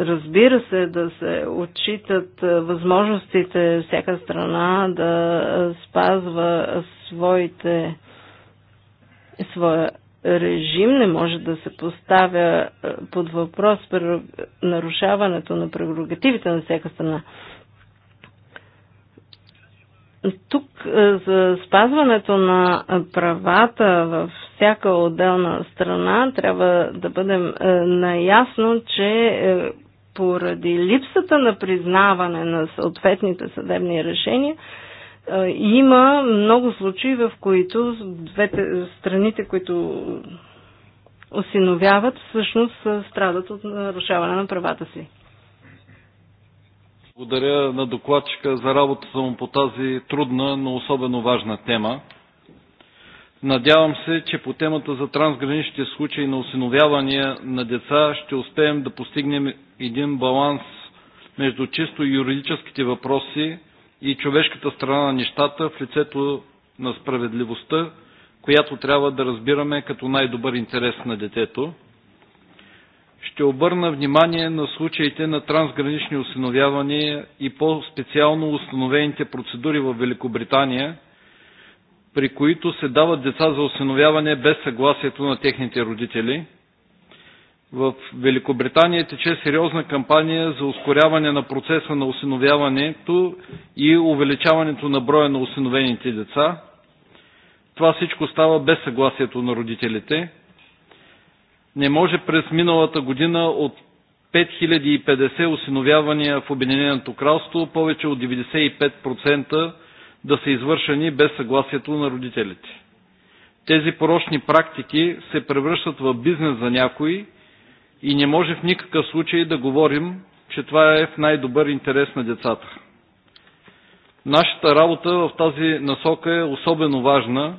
разбира се да се отчитат възможностите всяка страна да спазва своите своя режим, не може да се поставя под въпрос нарушаването на прерогативите на всяка страна. Тук за спазването на правата в всяка отделна страна трябва да бъдем е, наясно, че е, поради липсата на признаване на съответните съдебни решения, е, има много случаи, в които двете страните, които осиновяват, всъщност страдат от нарушаване на правата си. Благодаря на докладчика за работата му по тази трудна, но особено важна тема. Надявам се, че по темата за трансграничните случаи на осиновявания на деца ще успеем да постигнем един баланс между чисто юридическите въпроси и човешката страна на нещата в лицето на справедливостта, която трябва да разбираме като най-добър интерес на детето. Ще обърна внимание на случаите на трансгранични осиновявания и по-специално установените процедури в Великобритания – при които се дават деца за осиновяване без съгласието на техните родители. В Великобритания тече сериозна кампания за ускоряване на процеса на осиновяването и увеличаването на броя на осиновените деца. Това всичко става без съгласието на родителите. Не може през миналата година от 5050 осиновявания в Обединеното кралство повече от 95% да са извършени без съгласието на родителите. Тези порочни практики се превръщат в бизнес за някои и не може в никакъв случай да говорим, че това е в най-добър интерес на децата. Нашата работа в тази насока е особено важна,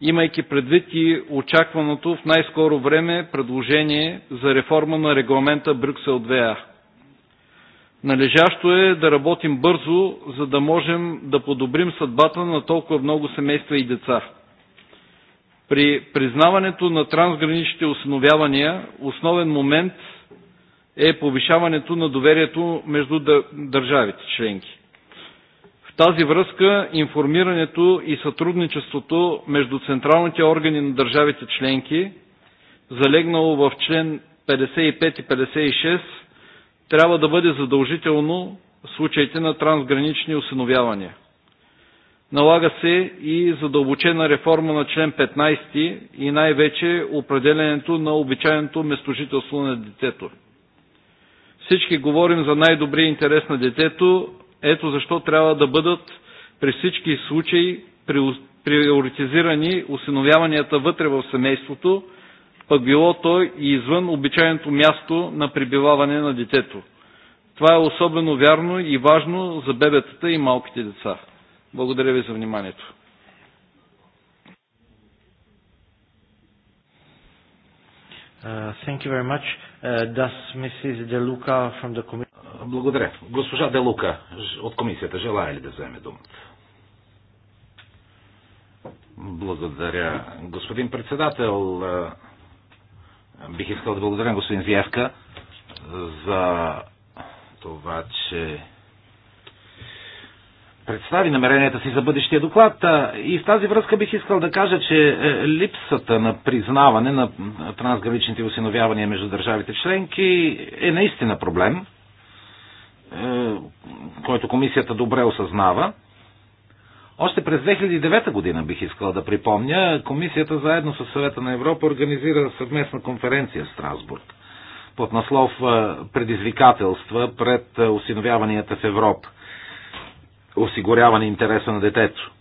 имайки предвид и очакваното в най-скоро време предложение за реформа на регламента Брюксел 2А. Належащо е да работим бързо, за да можем да подобрим съдбата на толкова много семейства и деца. При признаването на трансграничните осиновявания основен момент е повишаването на доверието между държавите членки. В тази връзка информирането и сътрудничеството между централните органи на държавите членки, залегнало в член 55 и 56 трябва да бъде задължително в случаите на трансгранични осиновявания. Налага се и задълбочена реформа на член 15 и най-вече определенето на обичайното местожителство на детето. Всички говорим за най-добрия интерес на детето, ето защо трябва да бъдат при всички случаи приоритизирани осиновяванията вътре в семейството, пък било то и извън обичайното място на пребиваване на детето. Това е особено вярно и важно за бебетата и малките деца. Благодаря ви за вниманието. Uh, uh, Благодаря. Госпожа Делука от комисията желая ли да вземе думата? Благодаря. Господин председател, uh... Бих искал да благодаря господин Зиевка за това, че представи намеренията си за бъдещия доклад. И в тази връзка бих искал да кажа, че е, липсата на признаване на трансграничните осиновявания между държавите членки е наистина проблем, е, който комисията добре осъзнава още през 2009 година бих искала да припомня, комисията заедно с съвета на Европа организира съвместна конференция в Страсбург под наслов предизвикателства пред осиновяванията в Европа. Осигуряване интереса на детето.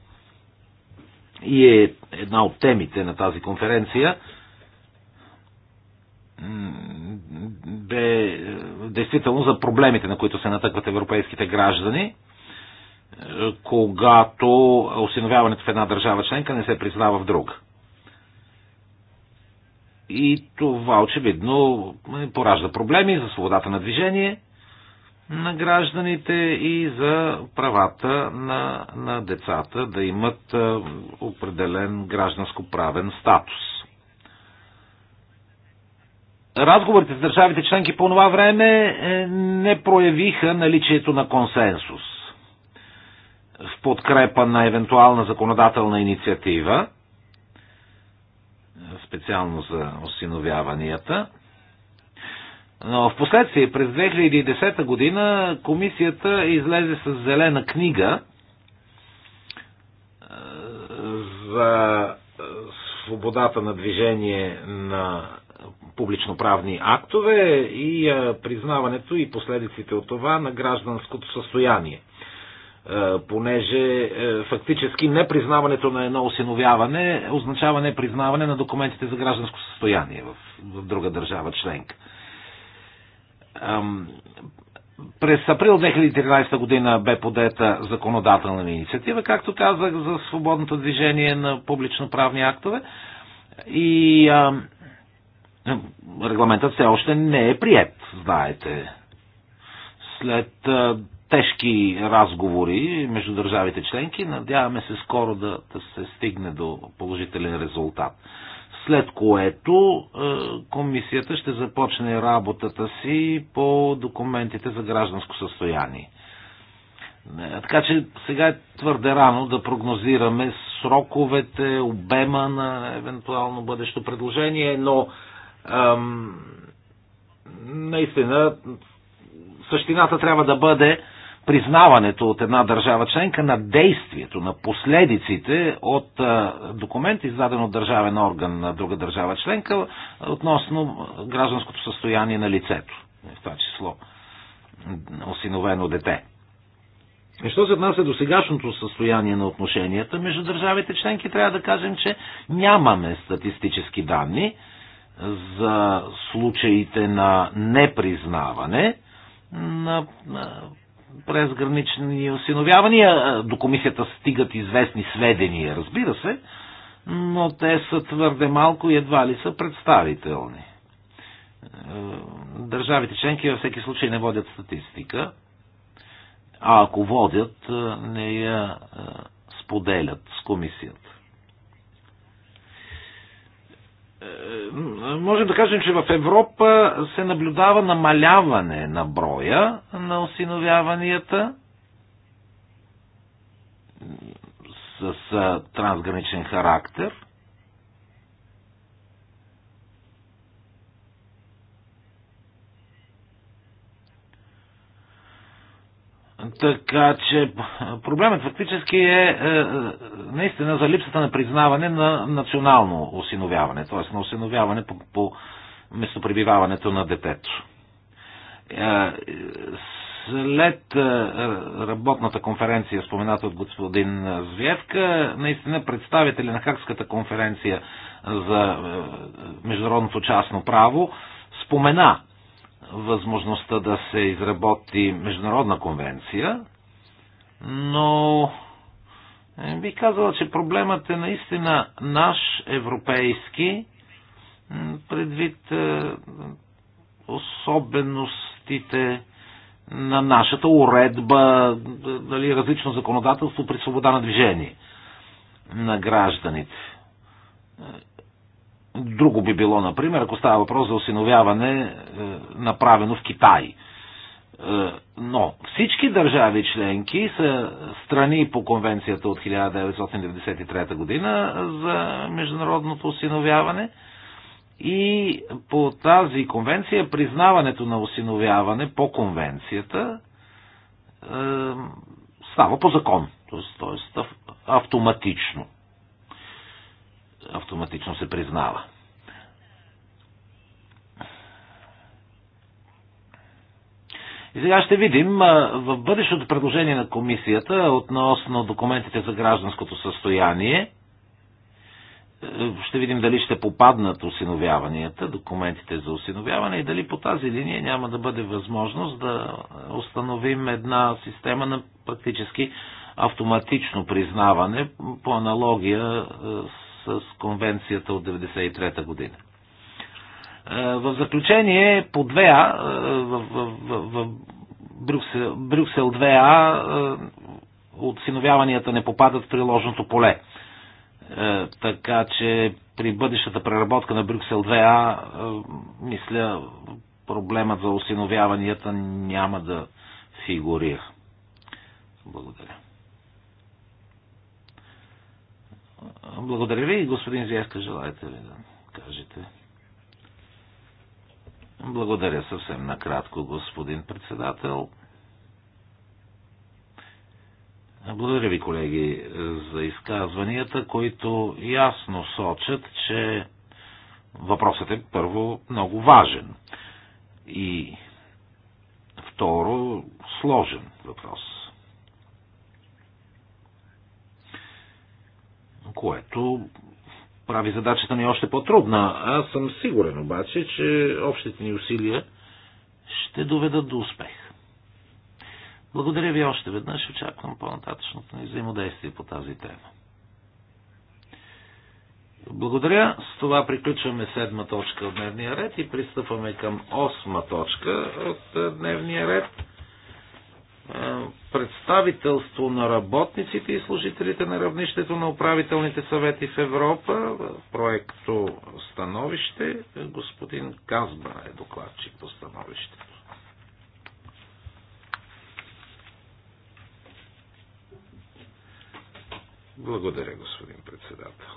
И е една от темите на тази конференция бе действително за проблемите, на които се натъкват европейските граждани – когато осиновяването в една държава членка не се признава в друга. И това очевидно е, поражда проблеми за свободата на движение на гражданите и за правата на, на децата да имат е, определен гражданско-правен статус. Разговорите с държавите членки по това време е, не проявиха наличието на консенсус в подкрепа на евентуална законодателна инициатива, специално за осиновяванията. Но в последствие, през 2010 година, комисията излезе с зелена книга е, за свободата на движение на публичноправни актове и е, признаването и последиците от това на гражданското състояние – е, понеже е, фактически непризнаването на едно осиновяване означава непризнаване на документите за гражданско състояние в, в друга държава членка. През април 2013 година бе подета законодателна инициатива, както казах, за свободното движение на публично-правни актове и а, регламентът все още не е прият, знаете. След а, тежки разговори между държавите членки. Надяваме се скоро да, да се стигне до положителен резултат. След което е, комисията ще започне работата си по документите за гражданско състояние. Е, така че сега е твърде рано да прогнозираме сроковете, обема на евентуално бъдещо предложение, но ам, наистина същината трябва да бъде признаването от една държава членка на действието, на последиците от документ, издаден от държавен орган на друга държава членка, относно гражданското състояние на лицето, в това число осиновено дете. И що се отнася до сегашното състояние на отношенията между държавите членки, трябва да кажем, че нямаме статистически данни за случаите на непризнаване на през гранични осиновявания. До комисията стигат известни сведения, разбира се, но те са твърде малко и едва ли са представителни. Е, държавите членки във всеки случай не водят статистика, а ако водят, е, не я е, споделят с комисията. можем да кажем, че в Европа се наблюдава намаляване на броя на осиновяванията с трансграничен характер. Така че проблемът фактически е, е наистина за липсата на признаване на национално осиновяване, т.е. на осиновяване по, по местопребиваването на детето. Е, е след е, работната конференция, спомената от господин Звевка, наистина представители на Хакската конференция за е, международното частно право спомена възможността да се изработи международна конвенция, но е, би казала, че проблемът е наистина наш европейски, предвид е, особеностите на нашата уредба, дали различно законодателство при свобода на движение на гражданите. Друго би било, например, ако става въпрос за осиновяване, е, направено в Китай. Е, но всички държави членки са страни по конвенцията от 1993 година за международното осиновяване и по тази конвенция признаването на осиновяване по конвенцията е, става по закон, т.е. автоматично автоматично се признава. И сега ще видим в бъдещото предложение на комисията относно документите за гражданското състояние. Е, ще видим дали ще попаднат осиновяванията, документите за осиновяване и дали по тази линия няма да бъде възможност да установим една система на практически автоматично признаване по аналогия е, с с конвенцията от 1993 година. В заключение, по 2А, в, в, в, в Брюксел, Брюксел 2А, отсиновяванията не попадат в приложното поле. Така че при бъдещата преработка на Брюксел 2А, мисля, проблемът за осиновяванията няма да фигурира. Благодаря. Благодаря ви. Господин Зиевка, желаете ли да кажете? Благодаря съвсем накратко, господин председател. Благодаря ви, колеги, за изказванията, които ясно сочат, че въпросът е първо много важен и второ сложен въпрос. което прави задачата ни още по-трудна. Аз съм сигурен обаче, че общите ни усилия ще доведат до успех. Благодаря ви още веднъж. Очаквам по-нататъчното ни взаимодействие по тази тема. Благодаря. С това приключваме седма точка от дневния ред и пристъпваме към осма точка от дневния ред представителство на работниците и служителите на равнището на управителните съвети в Европа. В проекто Становище господин Казба е докладчик по становището. Благодаря, господин председател.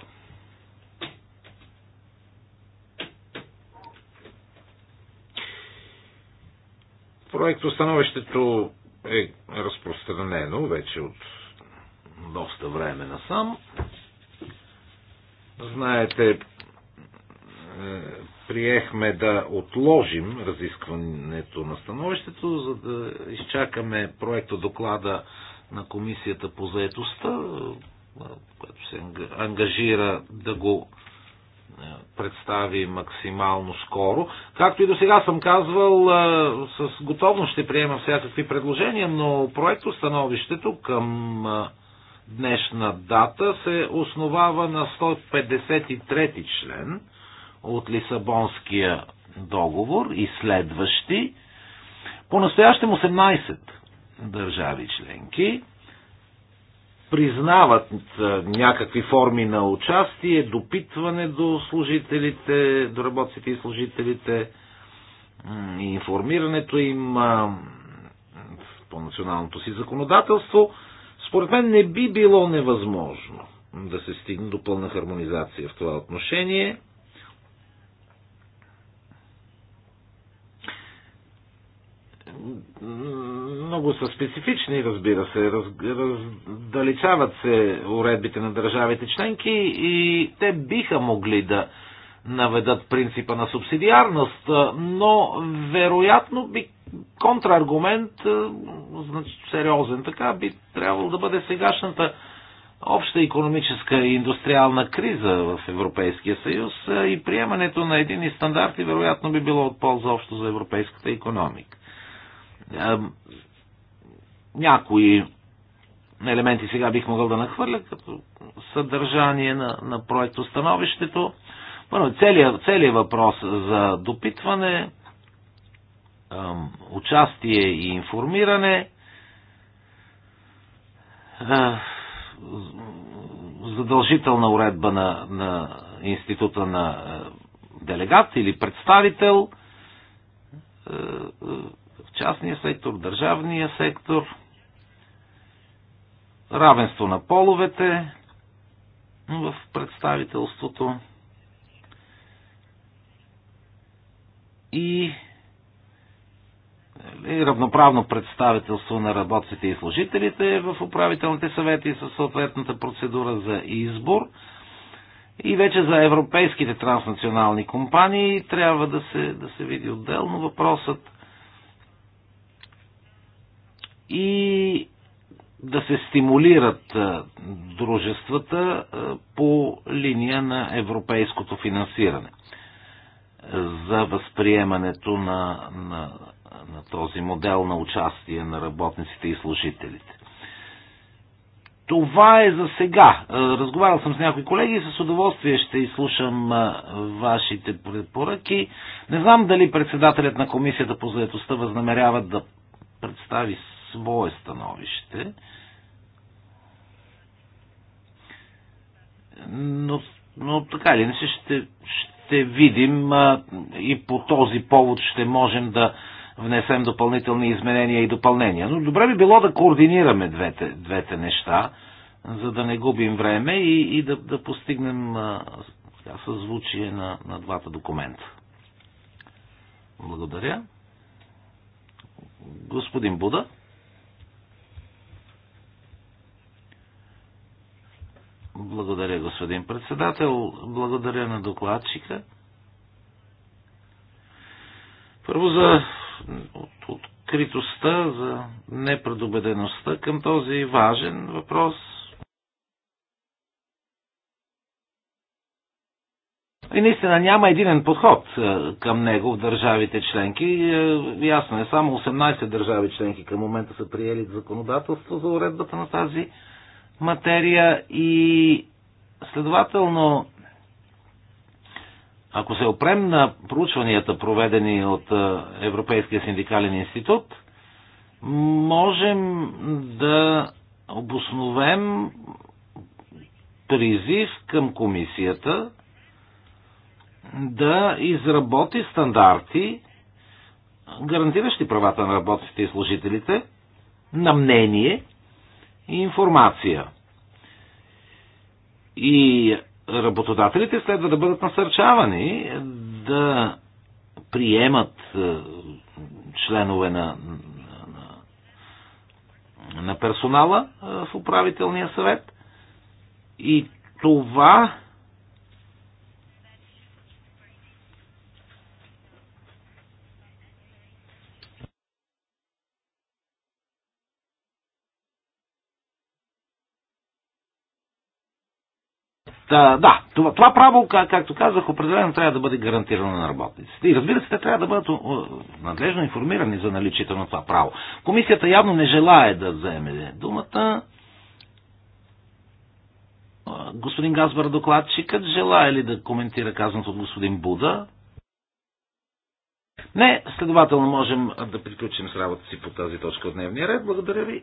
Проектостановището е разпространено вече от доста време насам. Знаете, е, приехме да отложим разискването на становището, за да изчакаме проекта доклада на Комисията по заедостта, която се ангажира да го представи максимално скоро. Както и до сега съм казвал, с готовност ще приема всякакви предложения, но проекто становището към днешна дата се основава на 153 ти член от Лисабонския договор и следващи. По-настоящем 18 държави членки признават някакви форми на участие, допитване до служителите, до работците и служителите, информирането им по националното си законодателство, според мен не би било невъзможно да се стигне до пълна хармонизация в това отношение. много са специфични, разбира се. Раз, раздалечават се уредбите на държавите членки и те биха могли да наведат принципа на субсидиарност, но вероятно би контраргумент, е, значи, сериозен така, би трябвало да бъде сегашната обща економическа и индустриална криза в Европейския съюз е, и приемането на едини стандарти вероятно би било от полза общо за европейската економика. Е, някои елементи сега бих могъл да нахвърля като съдържание на, на проектостановището. Първо, целият, целият въпрос за допитване, участие и информиране, е, задължителна уредба на, на института на е, делегат или представител, частния сектор, държавния сектор, равенство на половете в представителството и нали, равноправно представителство на работците и служителите в управителните съвети със съответната процедура за избор. И вече за европейските транснационални компании трябва да се, да се види отделно въпросът и да се стимулират дружествата по линия на европейското финансиране за възприемането на, на, на този модел на участие на работниците и служителите. Това е за сега. Разговарял съм с някои колеги и с удоволствие ще изслушам вашите препоръки. Не знам дали председателят на комисията по заедостта възнамерява да представи свое становище. Но, но така не се ще, ще видим а, и по този повод ще можем да внесем допълнителни изменения и допълнения. Но добре би било да координираме двете, двете неща, за да не губим време и, и да, да постигнем а, съзвучие на, на двата документа. Благодаря. Господин Буда. Благодаря, господин председател. Благодаря на докладчика. Първо за откритостта, за непредобедеността към този важен въпрос. И наистина няма единен подход е, към него в държавите членки. Е, ясно е, само 18 държави членки към момента са приели законодателство за уредбата на тази материя и следователно ако се опрем на проучванията, проведени от е, Европейския синдикален институт, можем да обосновем призив към комисията да изработи стандарти, гарантиращи правата на работците и служителите, на мнение – информация. И работодателите следва да бъдат насърчавани да приемат е, членове на, на, на персонала е, в управителния съвет. И това Та, да, това, това право, как, както казах, определено трябва да бъде гарантирано на работниците. И разбира се, те трябва да бъдат надлежно информирани за наличието на това право. Комисията явно не желае да вземе думата. Господин Газбър, докладчикът, желая ли да коментира казаното от господин Буда? Не, следователно можем да приключим с работа си по тази точка от дневния ред. Благодаря ви.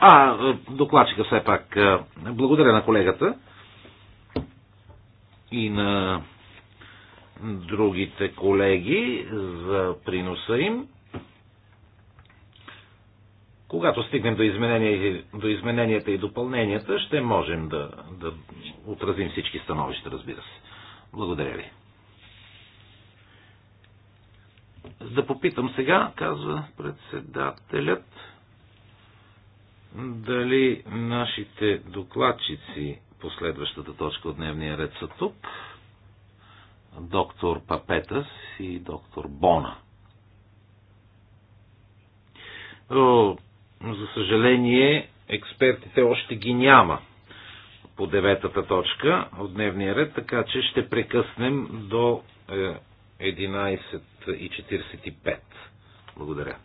А, докладчика все пак. Благодаря на колегата и на другите колеги за приноса им. Когато стигнем до, изменения, до измененията и допълненията, ще можем да, да отразим всички становища, разбира се. Благодаря ви. Да попитам сега, казва председателят, дали нашите докладчици последващата точка от дневния ред са тук. Доктор Папетас и доктор Бона. О, за съжаление, експертите още ги няма по деветата точка от дневния ред, така че ще прекъснем до 11.45. Е, Благодаря.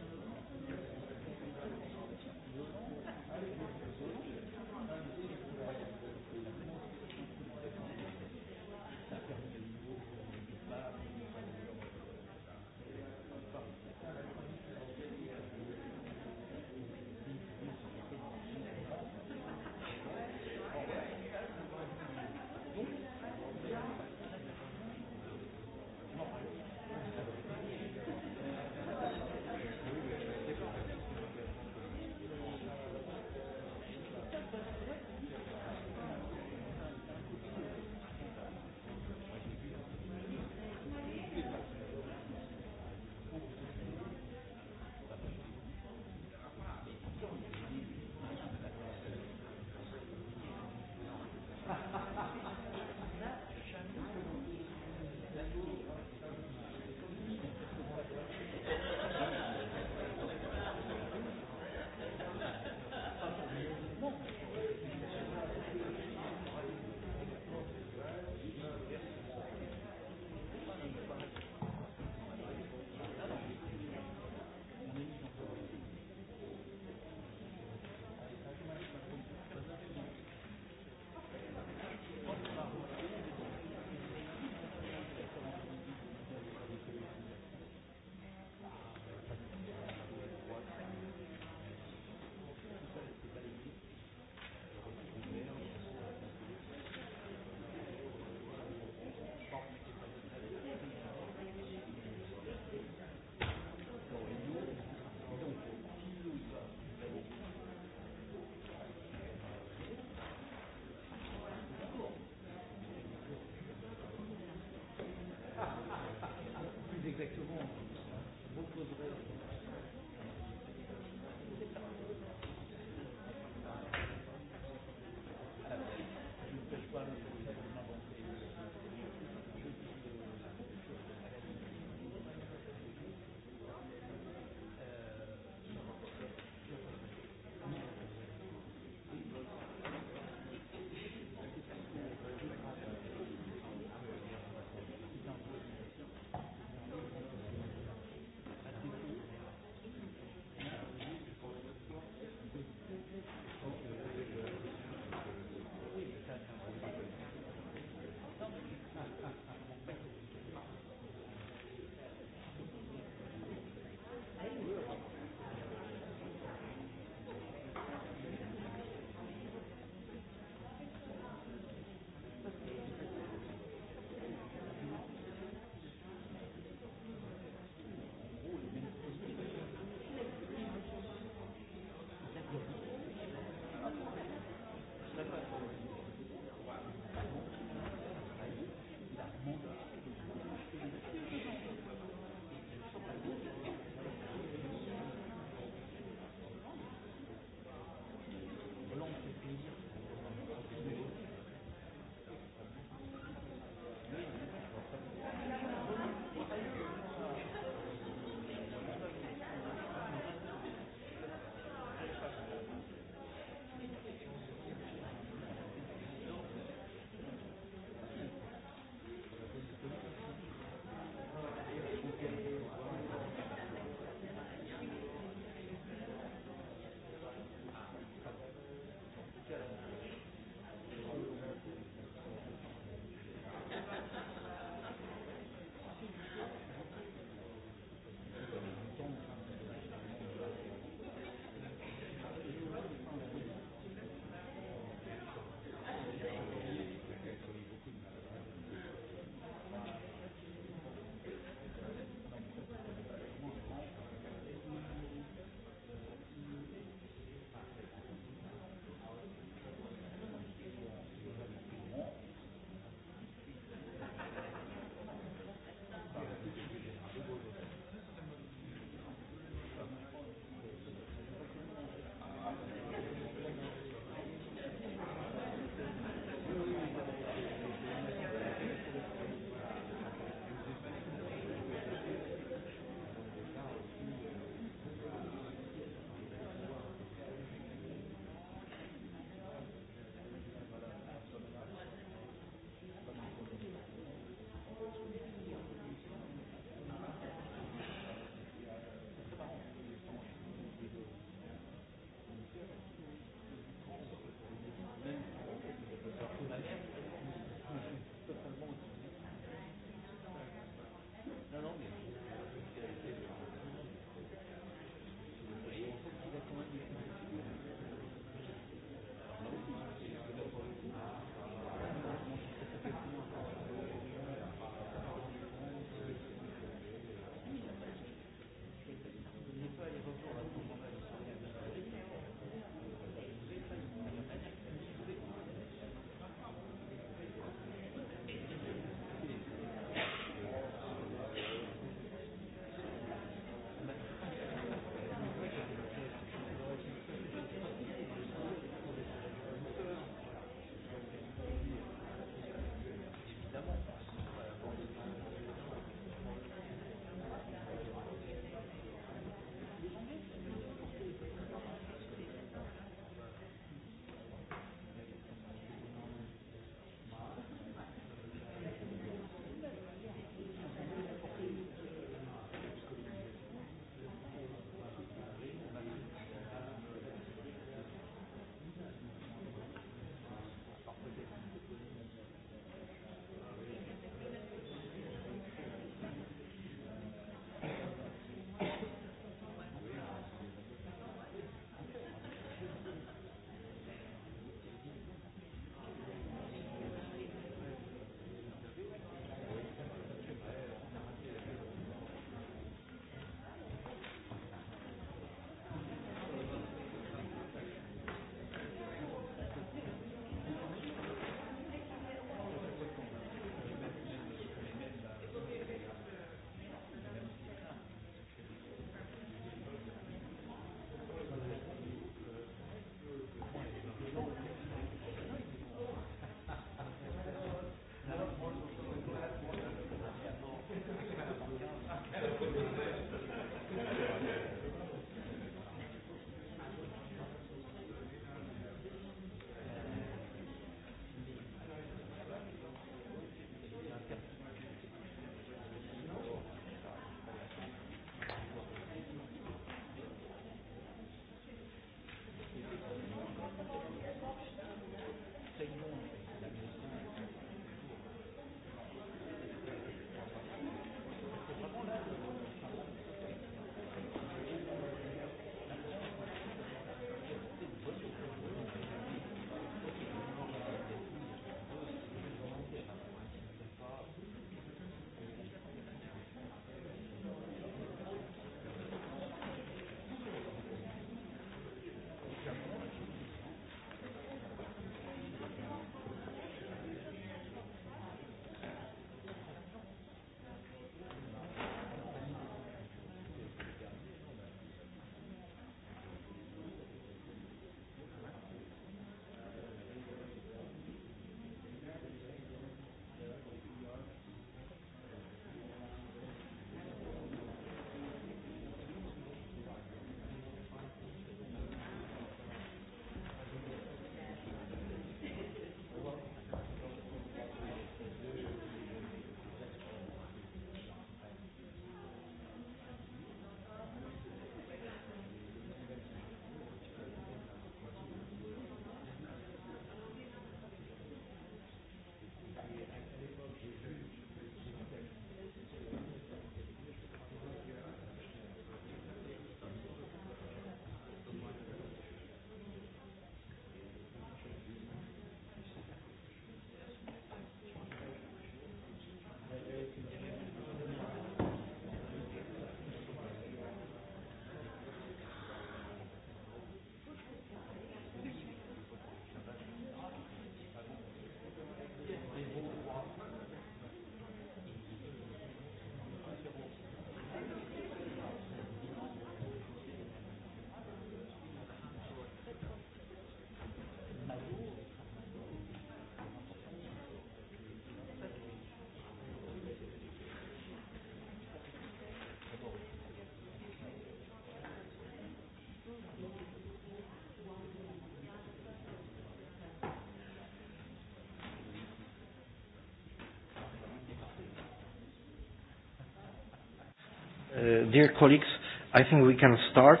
Uh, dear colleagues, I think we can start.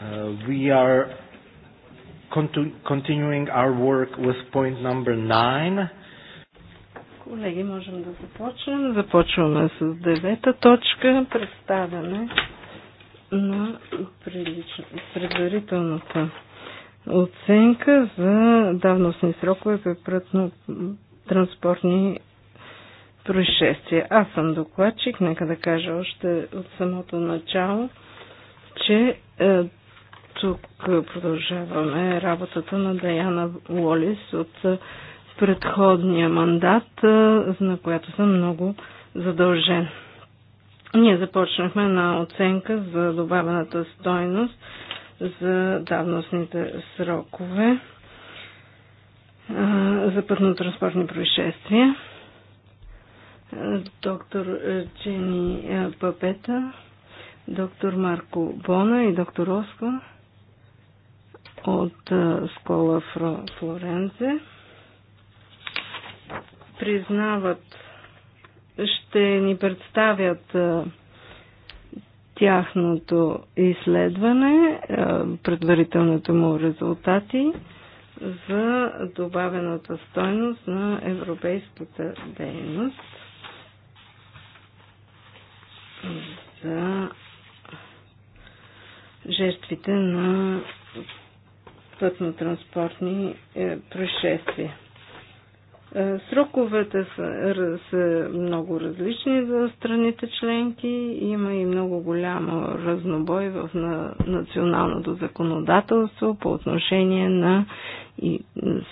Uh, we are continu continuing our work with point number nine. Колеги, можем да започнем. Започваме с девета точка. Представяне на предварителната оценка за давностни срокове при транспортни происшествие. Аз съм докладчик, нека да кажа още от самото начало, че е, тук продължаваме работата на Даяна Уолис от е, предходния мандат, е, на която съм много задължен. Ние започнахме на оценка за добавената стойност за давностните срокове е, за пътно-транспортни происшествия доктор Чени е, е, Папета, доктор Марко Бона и доктор Оско от Скола е, Флоренце признават, ще ни представят тяхното изследване, предварителните му резултати за добавената стойност на европейската дейност за жертвите на пътно-транспортни е, происшествия. Е, сроковете са, са много различни за страните членки. Има и много голямо разнобой в на, националното законодателство по отношение на и,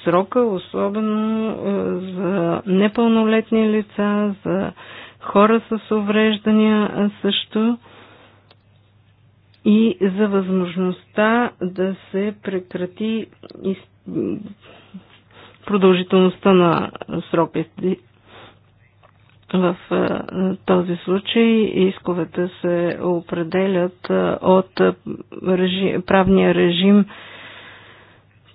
срока, особено е, за непълнолетни лица, за хора с увреждания също и за възможността да се прекрати продължителността на срока. В този случай исковете се определят от правния режим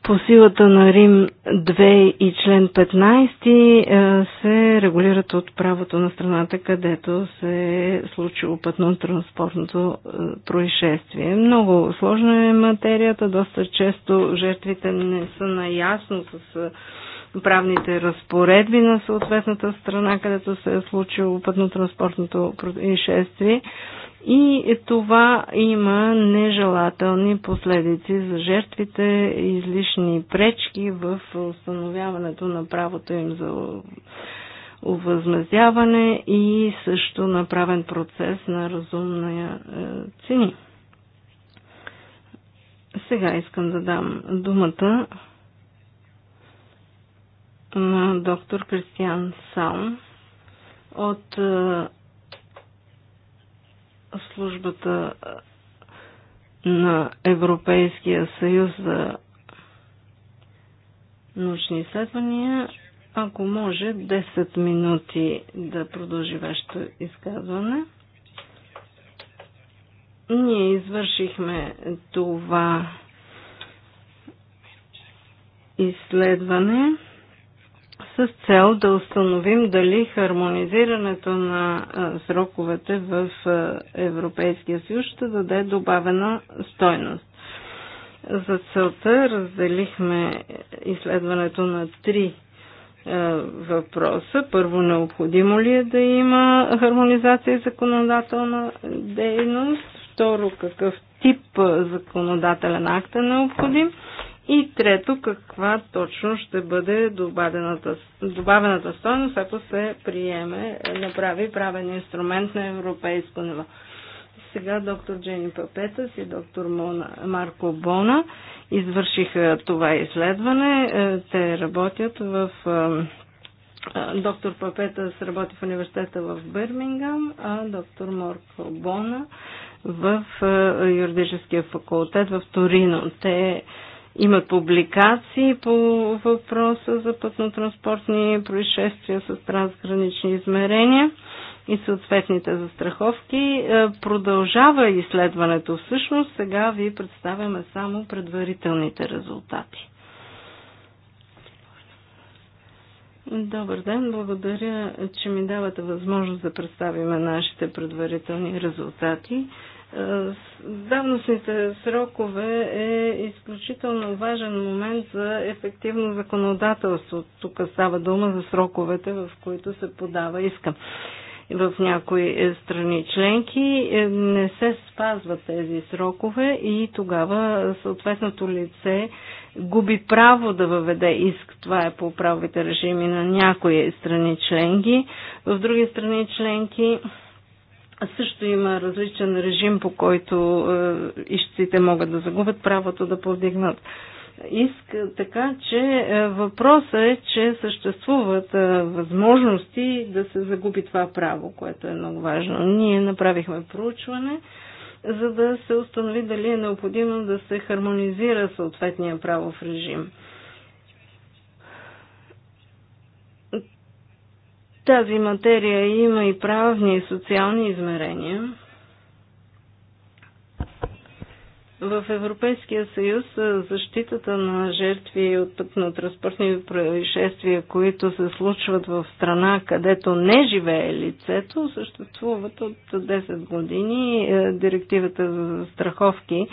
по силата на Рим 2 и член 15 е, се регулират от правото на страната, където се е случило пътно-транспортното е, происшествие. Много сложна е материята, доста често жертвите не са наясно с е, правните разпоредби на съответната страна, където се е случило пътно-транспортното происшествие и това има нежелателни последици за жертвите, излишни пречки в установяването на правото им за овъзмезяване и също направен процес на разумна е, цени. Сега искам да дам думата на доктор Кристиан Саун от е, службата на Европейския съюз за научни изследвания, ако може 10 минути да продължи вашето изказване. Ние извършихме това изследване с цел да установим дали хармонизирането на сроковете в Европейския съюз ще даде добавена стойност. За целта разделихме изследването на три въпроса. Първо, необходимо ли е да има хармонизация и законодателна дейност? Второ, какъв тип законодателен акт е необходим? И трето, каква точно ще бъде добавената, добавената стойност, ако се приеме, направи правен инструмент на европейско ниво. Сега доктор Джени Папетас и доктор Мона, Марко Бона извършиха това изследване. Е, те работят в е, е, Доктор Папетас работи в университета в Бирмингам, а доктор Морко Бона в юридическия факултет в Торино. Те има публикации по въпроса за пътно-транспортни происшествия с трансгранични измерения и съответните застраховки. Е, продължава изследването всъщност. Сега ви представяме само предварителните резултати. Добър ден, благодаря, че ми давате възможност да представим нашите предварителни резултати. Е, давностните срокове е изключително важен момент за ефективно законодателство. Тук става дума за сроковете, в които се подава иска. В някои е, страни членки е, не се спазват тези срокове и тогава съответното лице губи право да въведе иск. Това е по правовите режими на някои страни членки. В други страни членки също има различен режим, по който е, ищците могат да загубят правото да повдигнат иск. Така че е, въпросът е, че съществуват е, възможности да се загуби това право, което е много важно. Ние направихме проучване, за да се установи дали е необходимо да се хармонизира съответния правов режим. Тази материя има и правни и социални измерения. В Европейския съюз защитата на жертви от пътно-транспортни происшествия, които се случват в страна, където не живее лицето, съществуват от 10 години. Е, директивата за страховки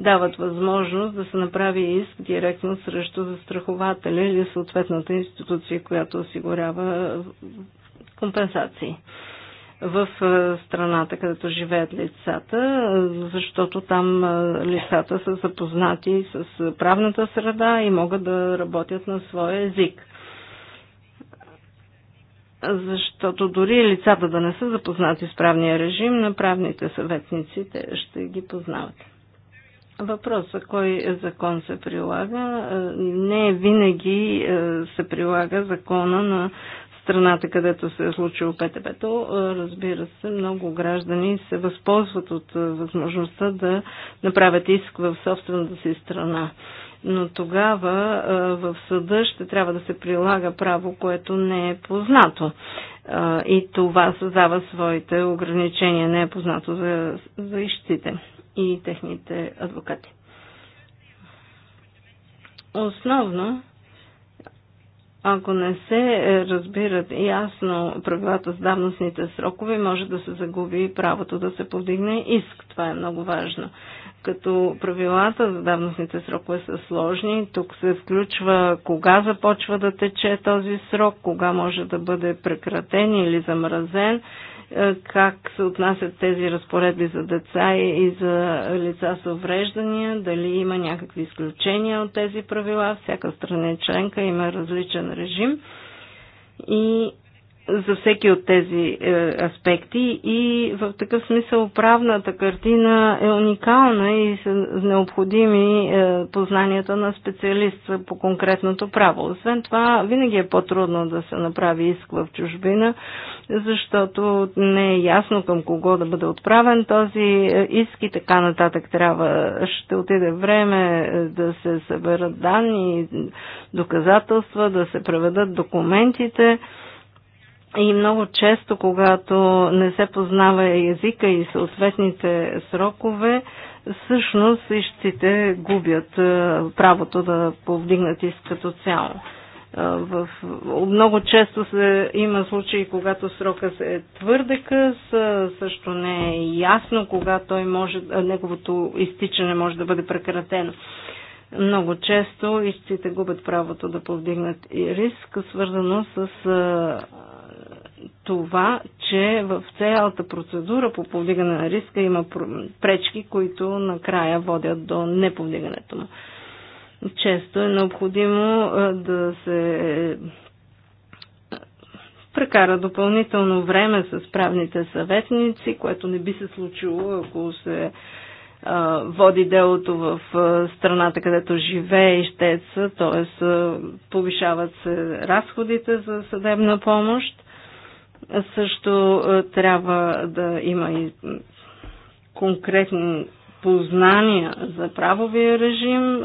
дават възможност да се направи иск директно срещу застрахователя или съответната институция, която осигурява компенсации в е, страната, където живеят лицата, защото там е, лицата са запознати с правната среда и могат да работят на своя език. Защото дори лицата да не са запознати с правния режим, на правните съветници те ще ги познават. Въпросът кой закон се прилага, е, не е винаги е, се прилага закона на страната, където се е случило ПТБ. то разбира се, много граждани се възползват от възможността да направят иск в собствената си страна. Но тогава в съда ще трябва да се прилага право, което не е познато. И това създава своите ограничения, не е познато за, за ищите и техните адвокати. Основно, ако не се е, разбират ясно правилата с давностните срокове, може да се загуби правото да се повдигне иск. Това е много важно. Като правилата за давностните срокове са сложни, тук се включва кога започва да тече този срок, кога може да бъде прекратен или замразен, е, как се отнасят тези разпоредби за деца и за лица с увреждания, дали има някакви изключения от тези правила. Всяка страна е членка има различен режим. И за всеки от тези е, аспекти и в такъв смисъл правната картина е уникална и са необходими е, познанията на специалист по конкретното право. Освен това, винаги е по-трудно да се направи иск в чужбина, защото не е ясно към кого да бъде отправен този е, иск и така нататък трябва. Ще отиде време е, да се съберат данни, доказателства, да се преведат документите. И много често, когато не се познава езика и съответните срокове, всъщност ищите губят е, правото да повдигнат иск като цяло. Е, в, много често се, има случаи, когато срока се е твърде къс, е, също не е ясно кога той може, неговото изтичане може да бъде прекратено. Много често истците губят правото да повдигнат и риск, свързано с това, че в цялата процедура по повдигане на риска има пречки, които накрая водят до неповдигането му. Често е необходимо да се прекара допълнително време с правните съветници, което не би се случило, ако се води делото в страната, където живее ищеца, т.е. повишават се разходите за съдебна помощ. Също е, трябва да има и конкретни познания за правовия режим. Е,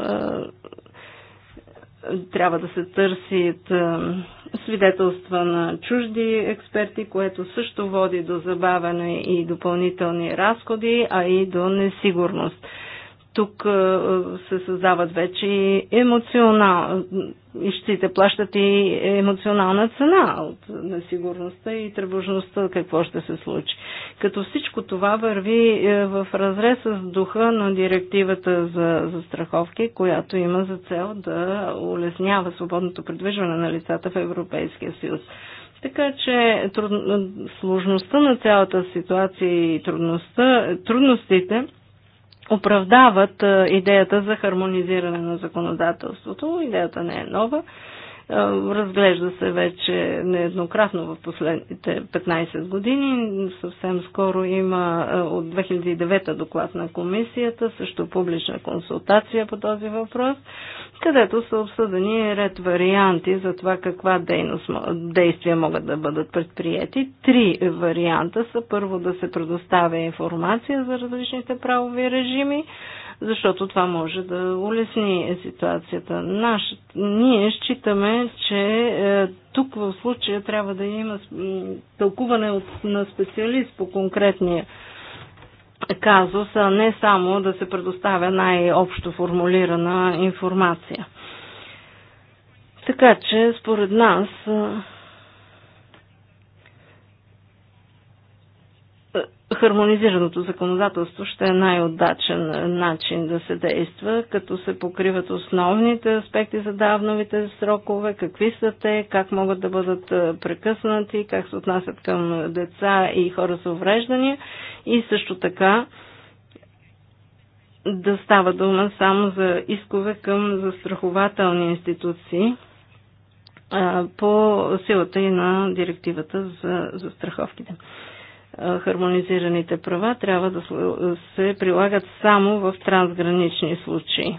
трябва да се търсят е, свидетелства на чужди експерти, което също води до забавяне и допълнителни разходи, а и до несигурност. Тук се създават вече и емоционал... Ищите плащат и емоционална цена от несигурността и тревожността, какво ще се случи. Като всичко това върви е, в разрез с духа на директивата за, за страховки, която има за цел да улеснява свободното придвижване на лицата в Европейския съюз. Така че труд... сложността на цялата ситуация и трудността, трудностите оправдават идеята за хармонизиране на законодателството. Идеята не е нова. Разглежда се вече нееднократно в последните 15 години. Съвсем скоро има от 2009 доклад на комисията, също публична консултация по този въпрос където са обсъдени ред варианти за това каква дейност, действия могат да бъдат предприяти. Три варианта са първо да се предоставя информация за различните правови режими, защото това може да улесни ситуацията. Наш, ние считаме, че е, тук в случая трябва да има тълкуване от, на специалист по конкретния казус, а не само да се предоставя най-общо формулирана информация. Така че, според нас, хармонизираното законодателство ще е най-удачен е, начин да се действа, като се покриват основните аспекти за давновите срокове, какви са те, как могат да бъдат е, прекъснати, как се отнасят към деца и хора с увреждания и също така да става дума само за искове към застрахователни институции е, по силата и на директивата за застраховките хармонизираните права трябва да се прилагат само в трансгранични случаи.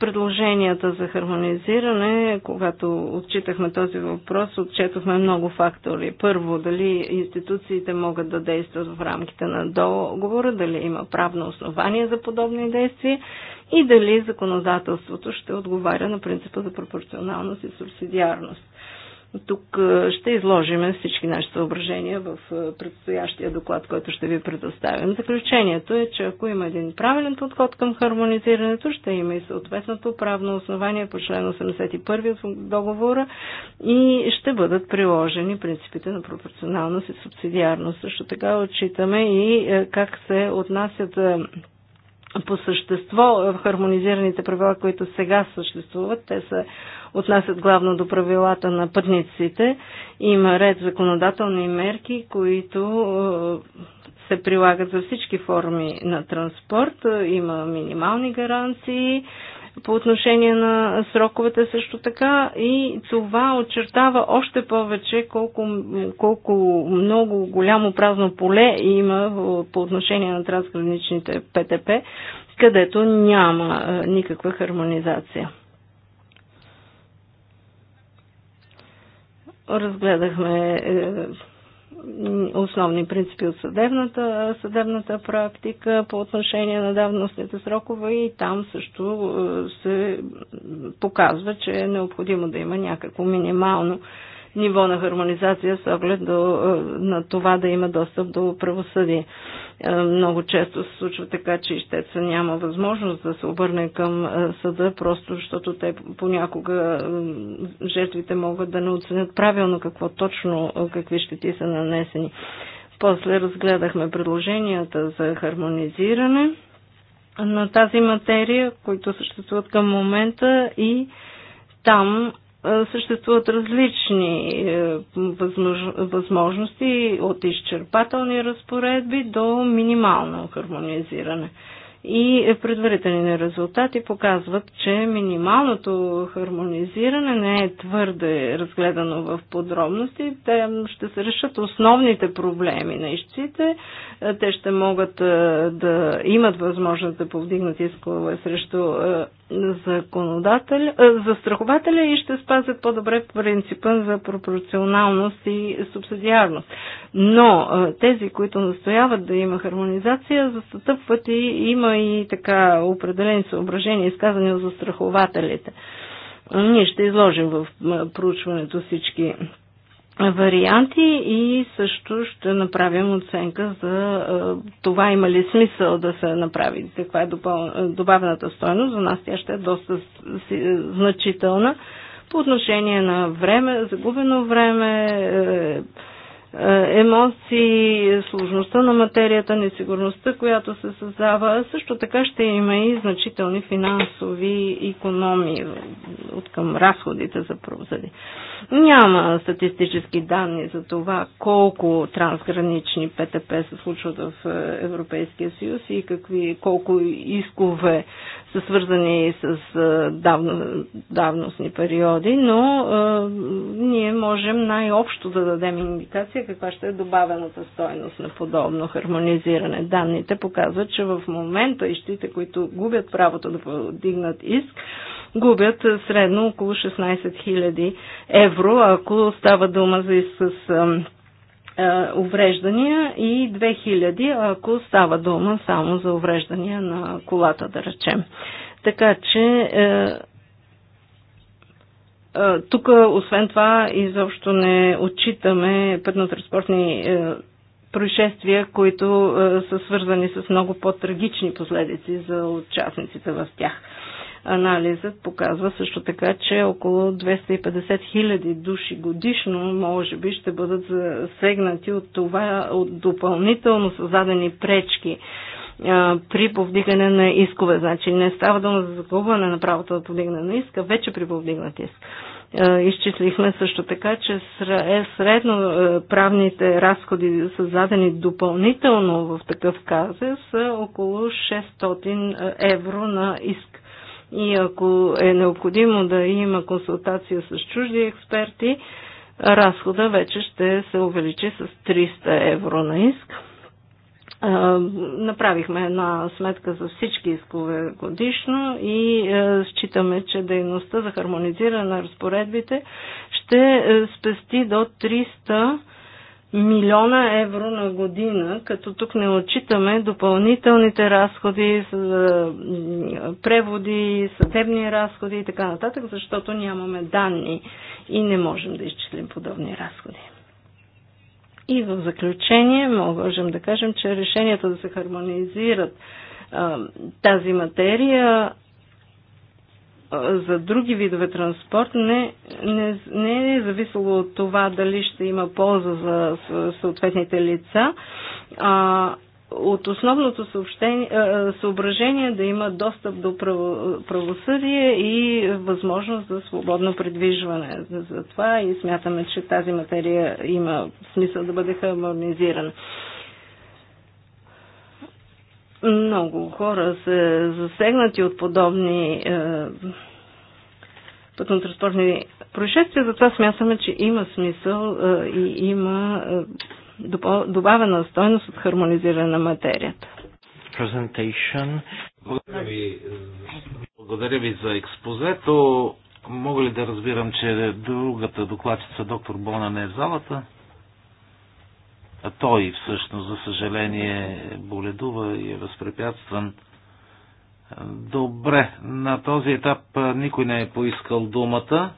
предложенията за хармонизиране, когато отчитахме този въпрос, отчетохме много фактори. Първо, дали институциите могат да действат в рамките на договора, дали има правно основание за подобни действия и дали законодателството ще отговаря на принципа за пропорционалност и субсидиарност. Тук ще изложим всички наши съображения в предстоящия доклад, който ще ви предоставим. Заключението е, че ако има един правилен подход към хармонизирането, ще има и съответното правно основание по член 81 от договора и ще бъдат приложени принципите на пропорционалност и субсидиарност. Също така отчитаме и как се отнасят по същество в е, хармонизираните правила, които сега съществуват. Те се отнасят главно до правилата на пътниците. Има ред законодателни мерки, които е, се прилагат за всички форми на транспорт. Има минимални гаранции, по отношение на сроковете също така и това очертава още повече колко, колко много голямо празно поле има по отношение на трансграничните ПТП, където няма никаква хармонизация. Разгледахме е, основни принципи от съдебната, съдебната практика по отношение на давностните срокове и там също е, се показва, че е необходимо да има някакво минимално ниво на хармонизация с оглед до, е, на това да има достъп до правосъдие. Е, много често се случва така, че ищеца няма възможност да се обърне към е, съда, просто защото те понякога жертвите могат да не оценят правилно какво точно, какви щети са нанесени. После разгледахме предложенията за хармонизиране на тази материя, които съществуват към момента и там съществуват различни е, възможности от изчерпателни разпоредби до минимално хармонизиране. И предварителни резултати показват, че минималното хармонизиране не е твърде разгледано в подробности. Те ще се решат основните проблеми на ищците. Е, те ще могат е, да имат възможност да повдигнат искове срещу застрахователя и ще спазят по-добре принципа за пропорционалност и субсидиарност. Но тези, които настояват да има хармонизация, застъпват и има и така определени съображения, изказани от застрахователите. Ние ще изложим в проучването всички варианти и също ще направим оценка за това има ли смисъл да се направи, каква е добавената стойност. За нас тя ще е доста значителна по отношение на време, загубено време, е, е, емоции, сложността на материята, несигурността, която се създава, също така ще има и значителни финансови економии от към разходите за правосъдие. Няма статистически данни за това колко трансгранични ПТП се случват в е, Европейския съюз и какви, колко искове са свързани с е, давно, давностни периоди, но е, ние можем най-общо да дадем индикация каква ще е добавената стойност на подобно хармонизиране. Данните показват, че в момента ищите, които губят правото да подигнат иск, губят средно около 16 000 евро, ако става дума за иск с увреждания и 2000, ако става дума само за увреждания на колата, да речем. Така че е, е, тук, освен това, изобщо не отчитаме пътно-транспортни е, происшествия, които е, са свързани с много по-трагични последици за участниците в тях. Анализът показва също така, че около 250 хиляди души годишно може би ще бъдат засегнати от това от допълнително създадени пречки при повдигане на искове. Значи не става дума за загубване на правото на повдигане на иска, вече при повдигнат иск. Изчислихме също така, че е, средно правните разходи са задени допълнително в такъв казе са около 600 евро на иск. И ако е необходимо да има консултация с чужди експерти, разхода вече ще се увеличи с 300 евро на иск направихме една сметка за всички искове годишно и е, считаме, че дейността за хармонизиране на разпоредбите ще е, спести до 300 милиона евро на година, като тук не отчитаме допълнителните разходи, е, преводи, съдебни разходи и така нататък, защото нямаме данни и не можем да изчислим подобни разходи. И в заключение можем да кажем, че решението да се хармонизират тази материя за други видове транспорт не, не, не е зависело от това дали ще има полза за съответните лица, а от основното съображение да има достъп до правосъдие и възможност за свободно придвижване. Затова и смятаме, че тази материя има смисъл да бъде хармонизирана. Много хора са засегнати от подобни е, пътно-транспортни происшествия, затова смятаме, че има смисъл е, и има е, добавена стойност от хармонизиране на материята. Благодаря ви, благодаря ви за експозето. Мога ли да разбирам, че другата докладчица, доктор Бона, не е в залата? А той всъщност, за съжаление, боледува и е възпрепятстван. Добре, на този етап никой не е поискал думата.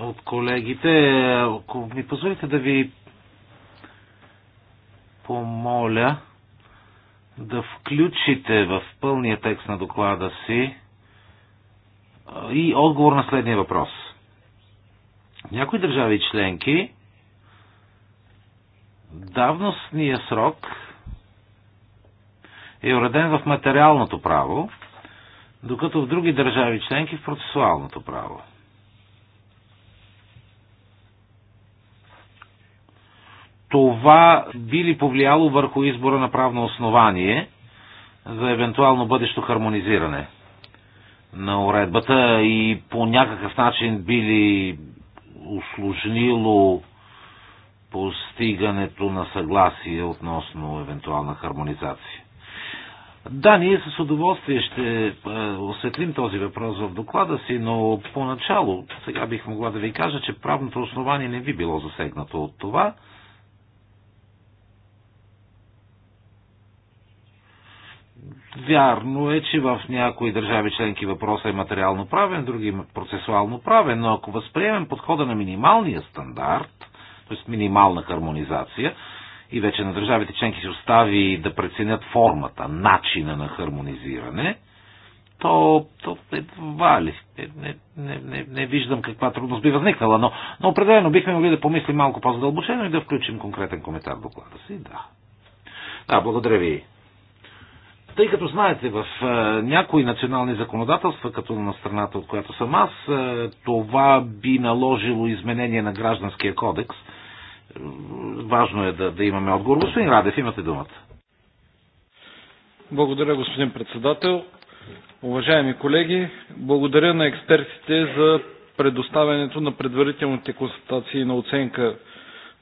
от колегите. Ако ми позволите да ви помоля да включите в пълния текст на доклада си и отговор на следния въпрос. Някои държави членки давностния срок е уреден в материалното право, докато в други държави членки в процесуалното право. това би ли повлияло върху избора на правно основание за евентуално бъдещо хармонизиране на уредбата и по някакъв начин би ли усложнило постигането на съгласие относно евентуална хармонизация? Да, ние с удоволствие ще е, осветлим този въпрос в доклада си, но поначало сега бих могла да ви кажа, че правното основание не би било засегнато от това. Вярно е, че в някои държави членки въпросът е материално правен, други процесуално правен, но ако възприемем подхода на минималния стандарт, т.е. минимална хармонизация, и вече на държавите членки се остави да преценят формата, начина на хармонизиране, то, то едва ли. Не, не, не, не виждам каква трудност би възникнала, но, но определено бихме могли да помислим малко по-задълбочено и да включим конкретен коментар в доклада си. Да. Да, благодаря ви, тъй като знаете, в е, някои национални законодателства, като на страната, от която съм аз, е, това би наложило изменение на гражданския кодекс. Е, важно е да, да имаме отговор. Господин Радев, имате думата. Благодаря, господин председател. Уважаеми колеги, благодаря на експертите за предоставянето на предварителните консултации на оценка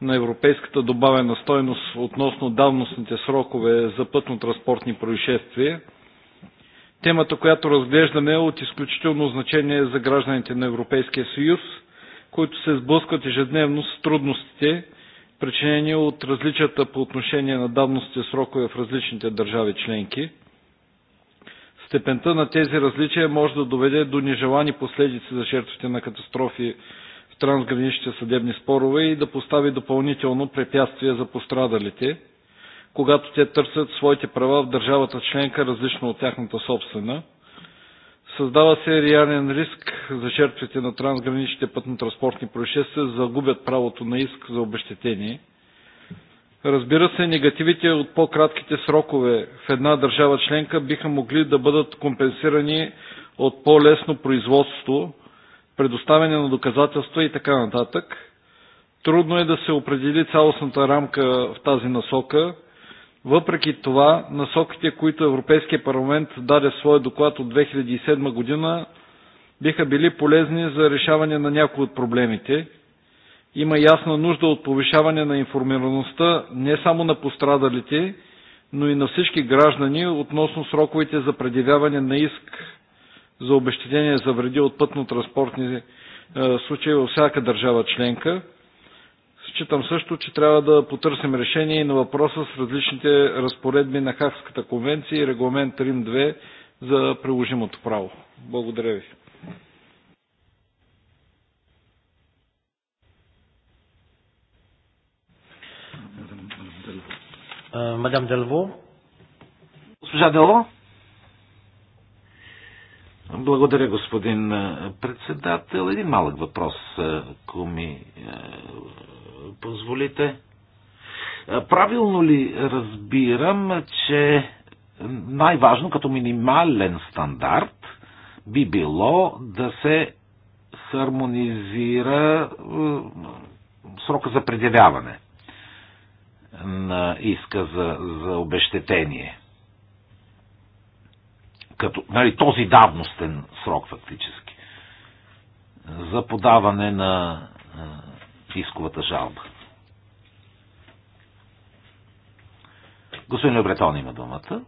на европейската добавена стойност относно давностните срокове за пътно-транспортни происшествия. Темата, която разглеждаме е от изключително значение за гражданите на Европейския съюз, които се сблъскват ежедневно с трудностите, причинени от различията по отношение на давностите срокове в различните държави членки. Степента на тези различия може да доведе до нежелани последици за жертвите на катастрофи трансграничните съдебни спорове и да постави допълнително препятствие за пострадалите, когато те търсят своите права в държавата членка, различно от тяхната собствена. Създава се реален риск за жертвите на трансграничните пътно-транспортни происшествия да загубят правото на иск за обещетение. Разбира се, негативите от по-кратките срокове в една държава членка биха могли да бъдат компенсирани от по-лесно производство предоставяне на доказателства и така нататък. Трудно е да се определи цялостната рамка в тази насока. Въпреки това, насоките, които Европейския парламент даде в своя доклад от 2007 година, биха били полезни за решаване на някои от проблемите. Има ясна нужда от повишаване на информираността не само на пострадалите, но и на всички граждани относно сроковете за предявяване на иск за обещетение за вреди от пътно-транспортни е, случаи във всяка държава членка. Считам също, че трябва да потърсим решение и на въпроса с различните разпоредби на Хагската конвенция и регламент Рим 2 за приложимото право. Благодаря ви. Мадам Дълво. Госпожа Дълво. Благодаря, господин председател. Един малък въпрос, ако ми позволите. Правилно ли разбирам, че най-важно като минимален стандарт би било да се хармонизира срока за предявяване на иска за, за обещетение? като, нали, този давностен срок фактически за подаване на исковата жалба. Господин Лебретон има думата.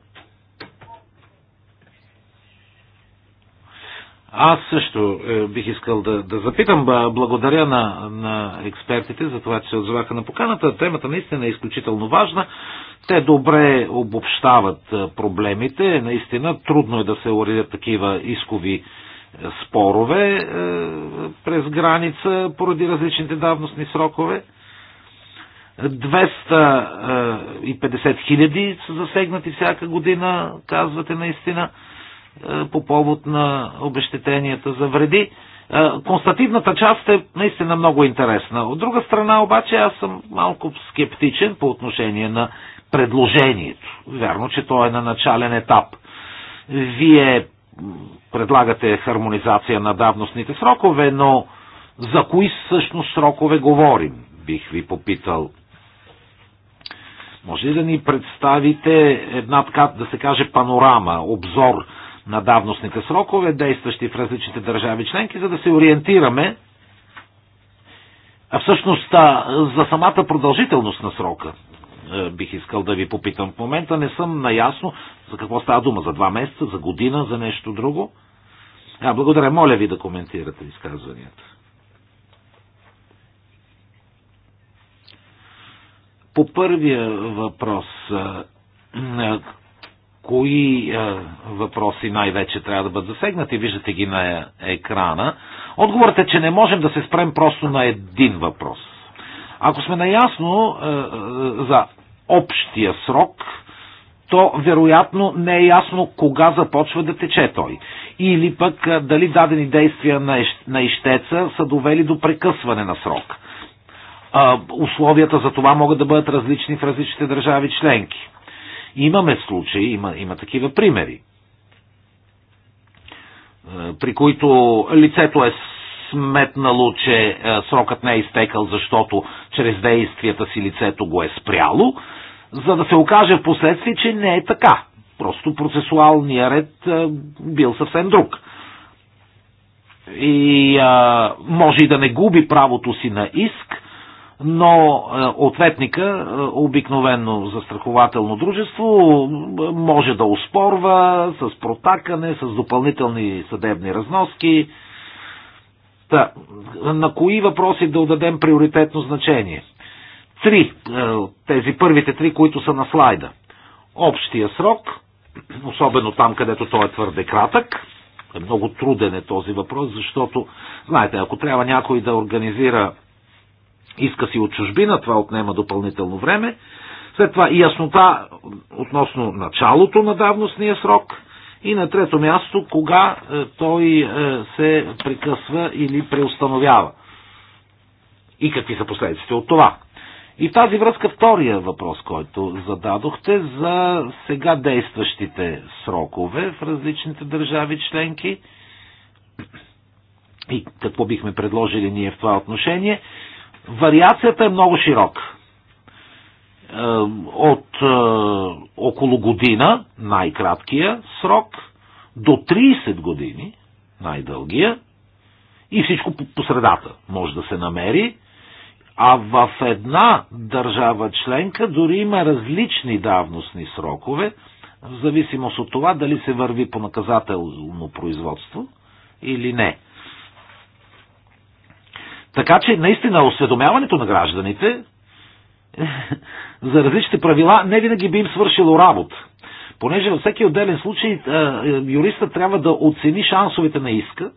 Аз също е, бих искал да, да запитам. Благодаря на, на експертите за това, че се отзоваха на поканата. Темата наистина е изключително важна. Те добре обобщават проблемите. Наистина трудно е да се уредят такива искови е, спорове е, през граница поради различните давностни срокове. 250 е, хиляди са засегнати всяка година, казвате наистина, по повод на обещетенията за вреди. Констативната част е наистина много интересна. От друга страна обаче аз съм малко скептичен по отношение на предложението. Вярно, че то е на начален етап. Вие предлагате хармонизация на давностните срокове, но за кои всъщност срокове говорим, бих ви попитал. Може ли да ни представите една така, да се каже, панорама, обзор на давностните срокове, действащи в различните държави членки, за да се ориентираме а всъщност за самата продължителност на срока, е, бих искал да ви попитам. В момента не съм наясно за какво става дума. За два месеца, за година, за нещо друго. А, благодаря. Моля ви да коментирате изказванията. По първия въпрос, е, е, кои въпроси най-вече трябва да бъдат засегнати, виждате ги на екрана, отговорът е, че не можем да се спрем просто на един въпрос. Ако сме наясно за общия срок, то вероятно не е ясно кога започва да тече той. Или пък дали дадени действия на ищеца са довели до прекъсване на срок. А, условията за това могат да бъдат различни в различните държави членки. Имаме случаи, има, има такива примери, при които лицето е сметнало, че срокът не е изтекал, защото чрез действията си лицето го е спряло, за да се окаже в последствие, че не е така. Просто процесуалният ред бил съвсем друг. И а, може и да не губи правото си на иск, но ответника, обикновено застрахователно дружество, може да успорва с протакане, с допълнителни съдебни разноски. Та, на кои въпроси да отдадем приоритетно значение? Три, е, тези първите три, които са на слайда. Общия срок, особено там, където той е твърде кратък, е много труден е този въпрос, защото, знаете, ако трябва някой да организира иска си от чужбина, това отнема допълнително време. След това и яснота относно началото на давностния срок и на трето място, кога е, той е, се прекъсва или преустановява. И какви са последиците от това. И в тази връзка втория въпрос, който зададохте за сега действащите срокове в различните държави членки и какво бихме предложили ние в това отношение. Вариацията е много широка. Е, от е, около година, най-краткия срок, до 30 години, най-дългия, и всичко по средата може да се намери а в една държава членка дори има различни давностни срокове, в зависимост от това дали се върви по наказателно производство или не. Така че, наистина, осведомяването на гражданите за различните правила не винаги би им свършило работа. Понеже във всеки отделен случай е, юристът трябва да оцени шансовете на иска,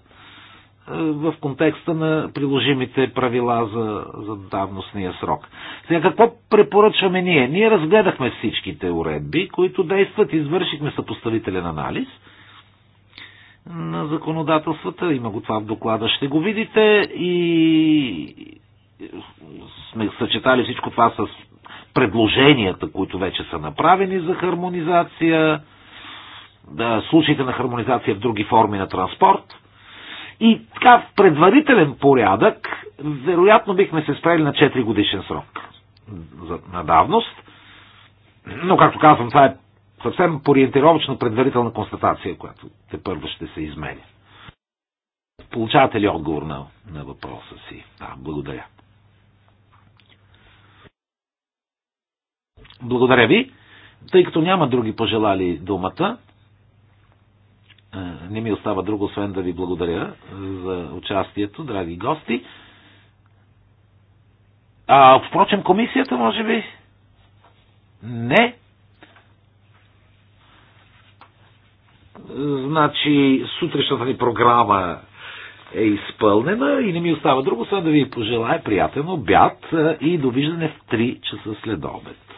в контекста на приложимите правила за, за давностния срок. Сега какво препоръчваме ние? Ние разгледахме всичките уредби, които действат, извършихме съпоставителен анализ на законодателствата, има го това в доклада, ще го видите и сме съчетали всичко това с предложенията, които вече са направени за хармонизация, да, случаите на хармонизация в други форми на транспорт – и така, в предварителен порядък, вероятно бихме се справили на 4 годишен срок на давност. Но, както казвам, това е съвсем ориентировъчно предварителна констатация, която те първо ще се изменя. Получавате ли отговор на, на въпроса си? Да, благодаря. Благодаря ви. Тъй като няма други пожелали думата, не ми остава друго, освен да ви благодаря е, за участието, драги гости. А, впрочем, комисията, може би? Не. Значи, сутрешната ни програма е изпълнена и не ми остава друго, освен да ви пожелая приятен обяд е, и довиждане в 3 часа след обед.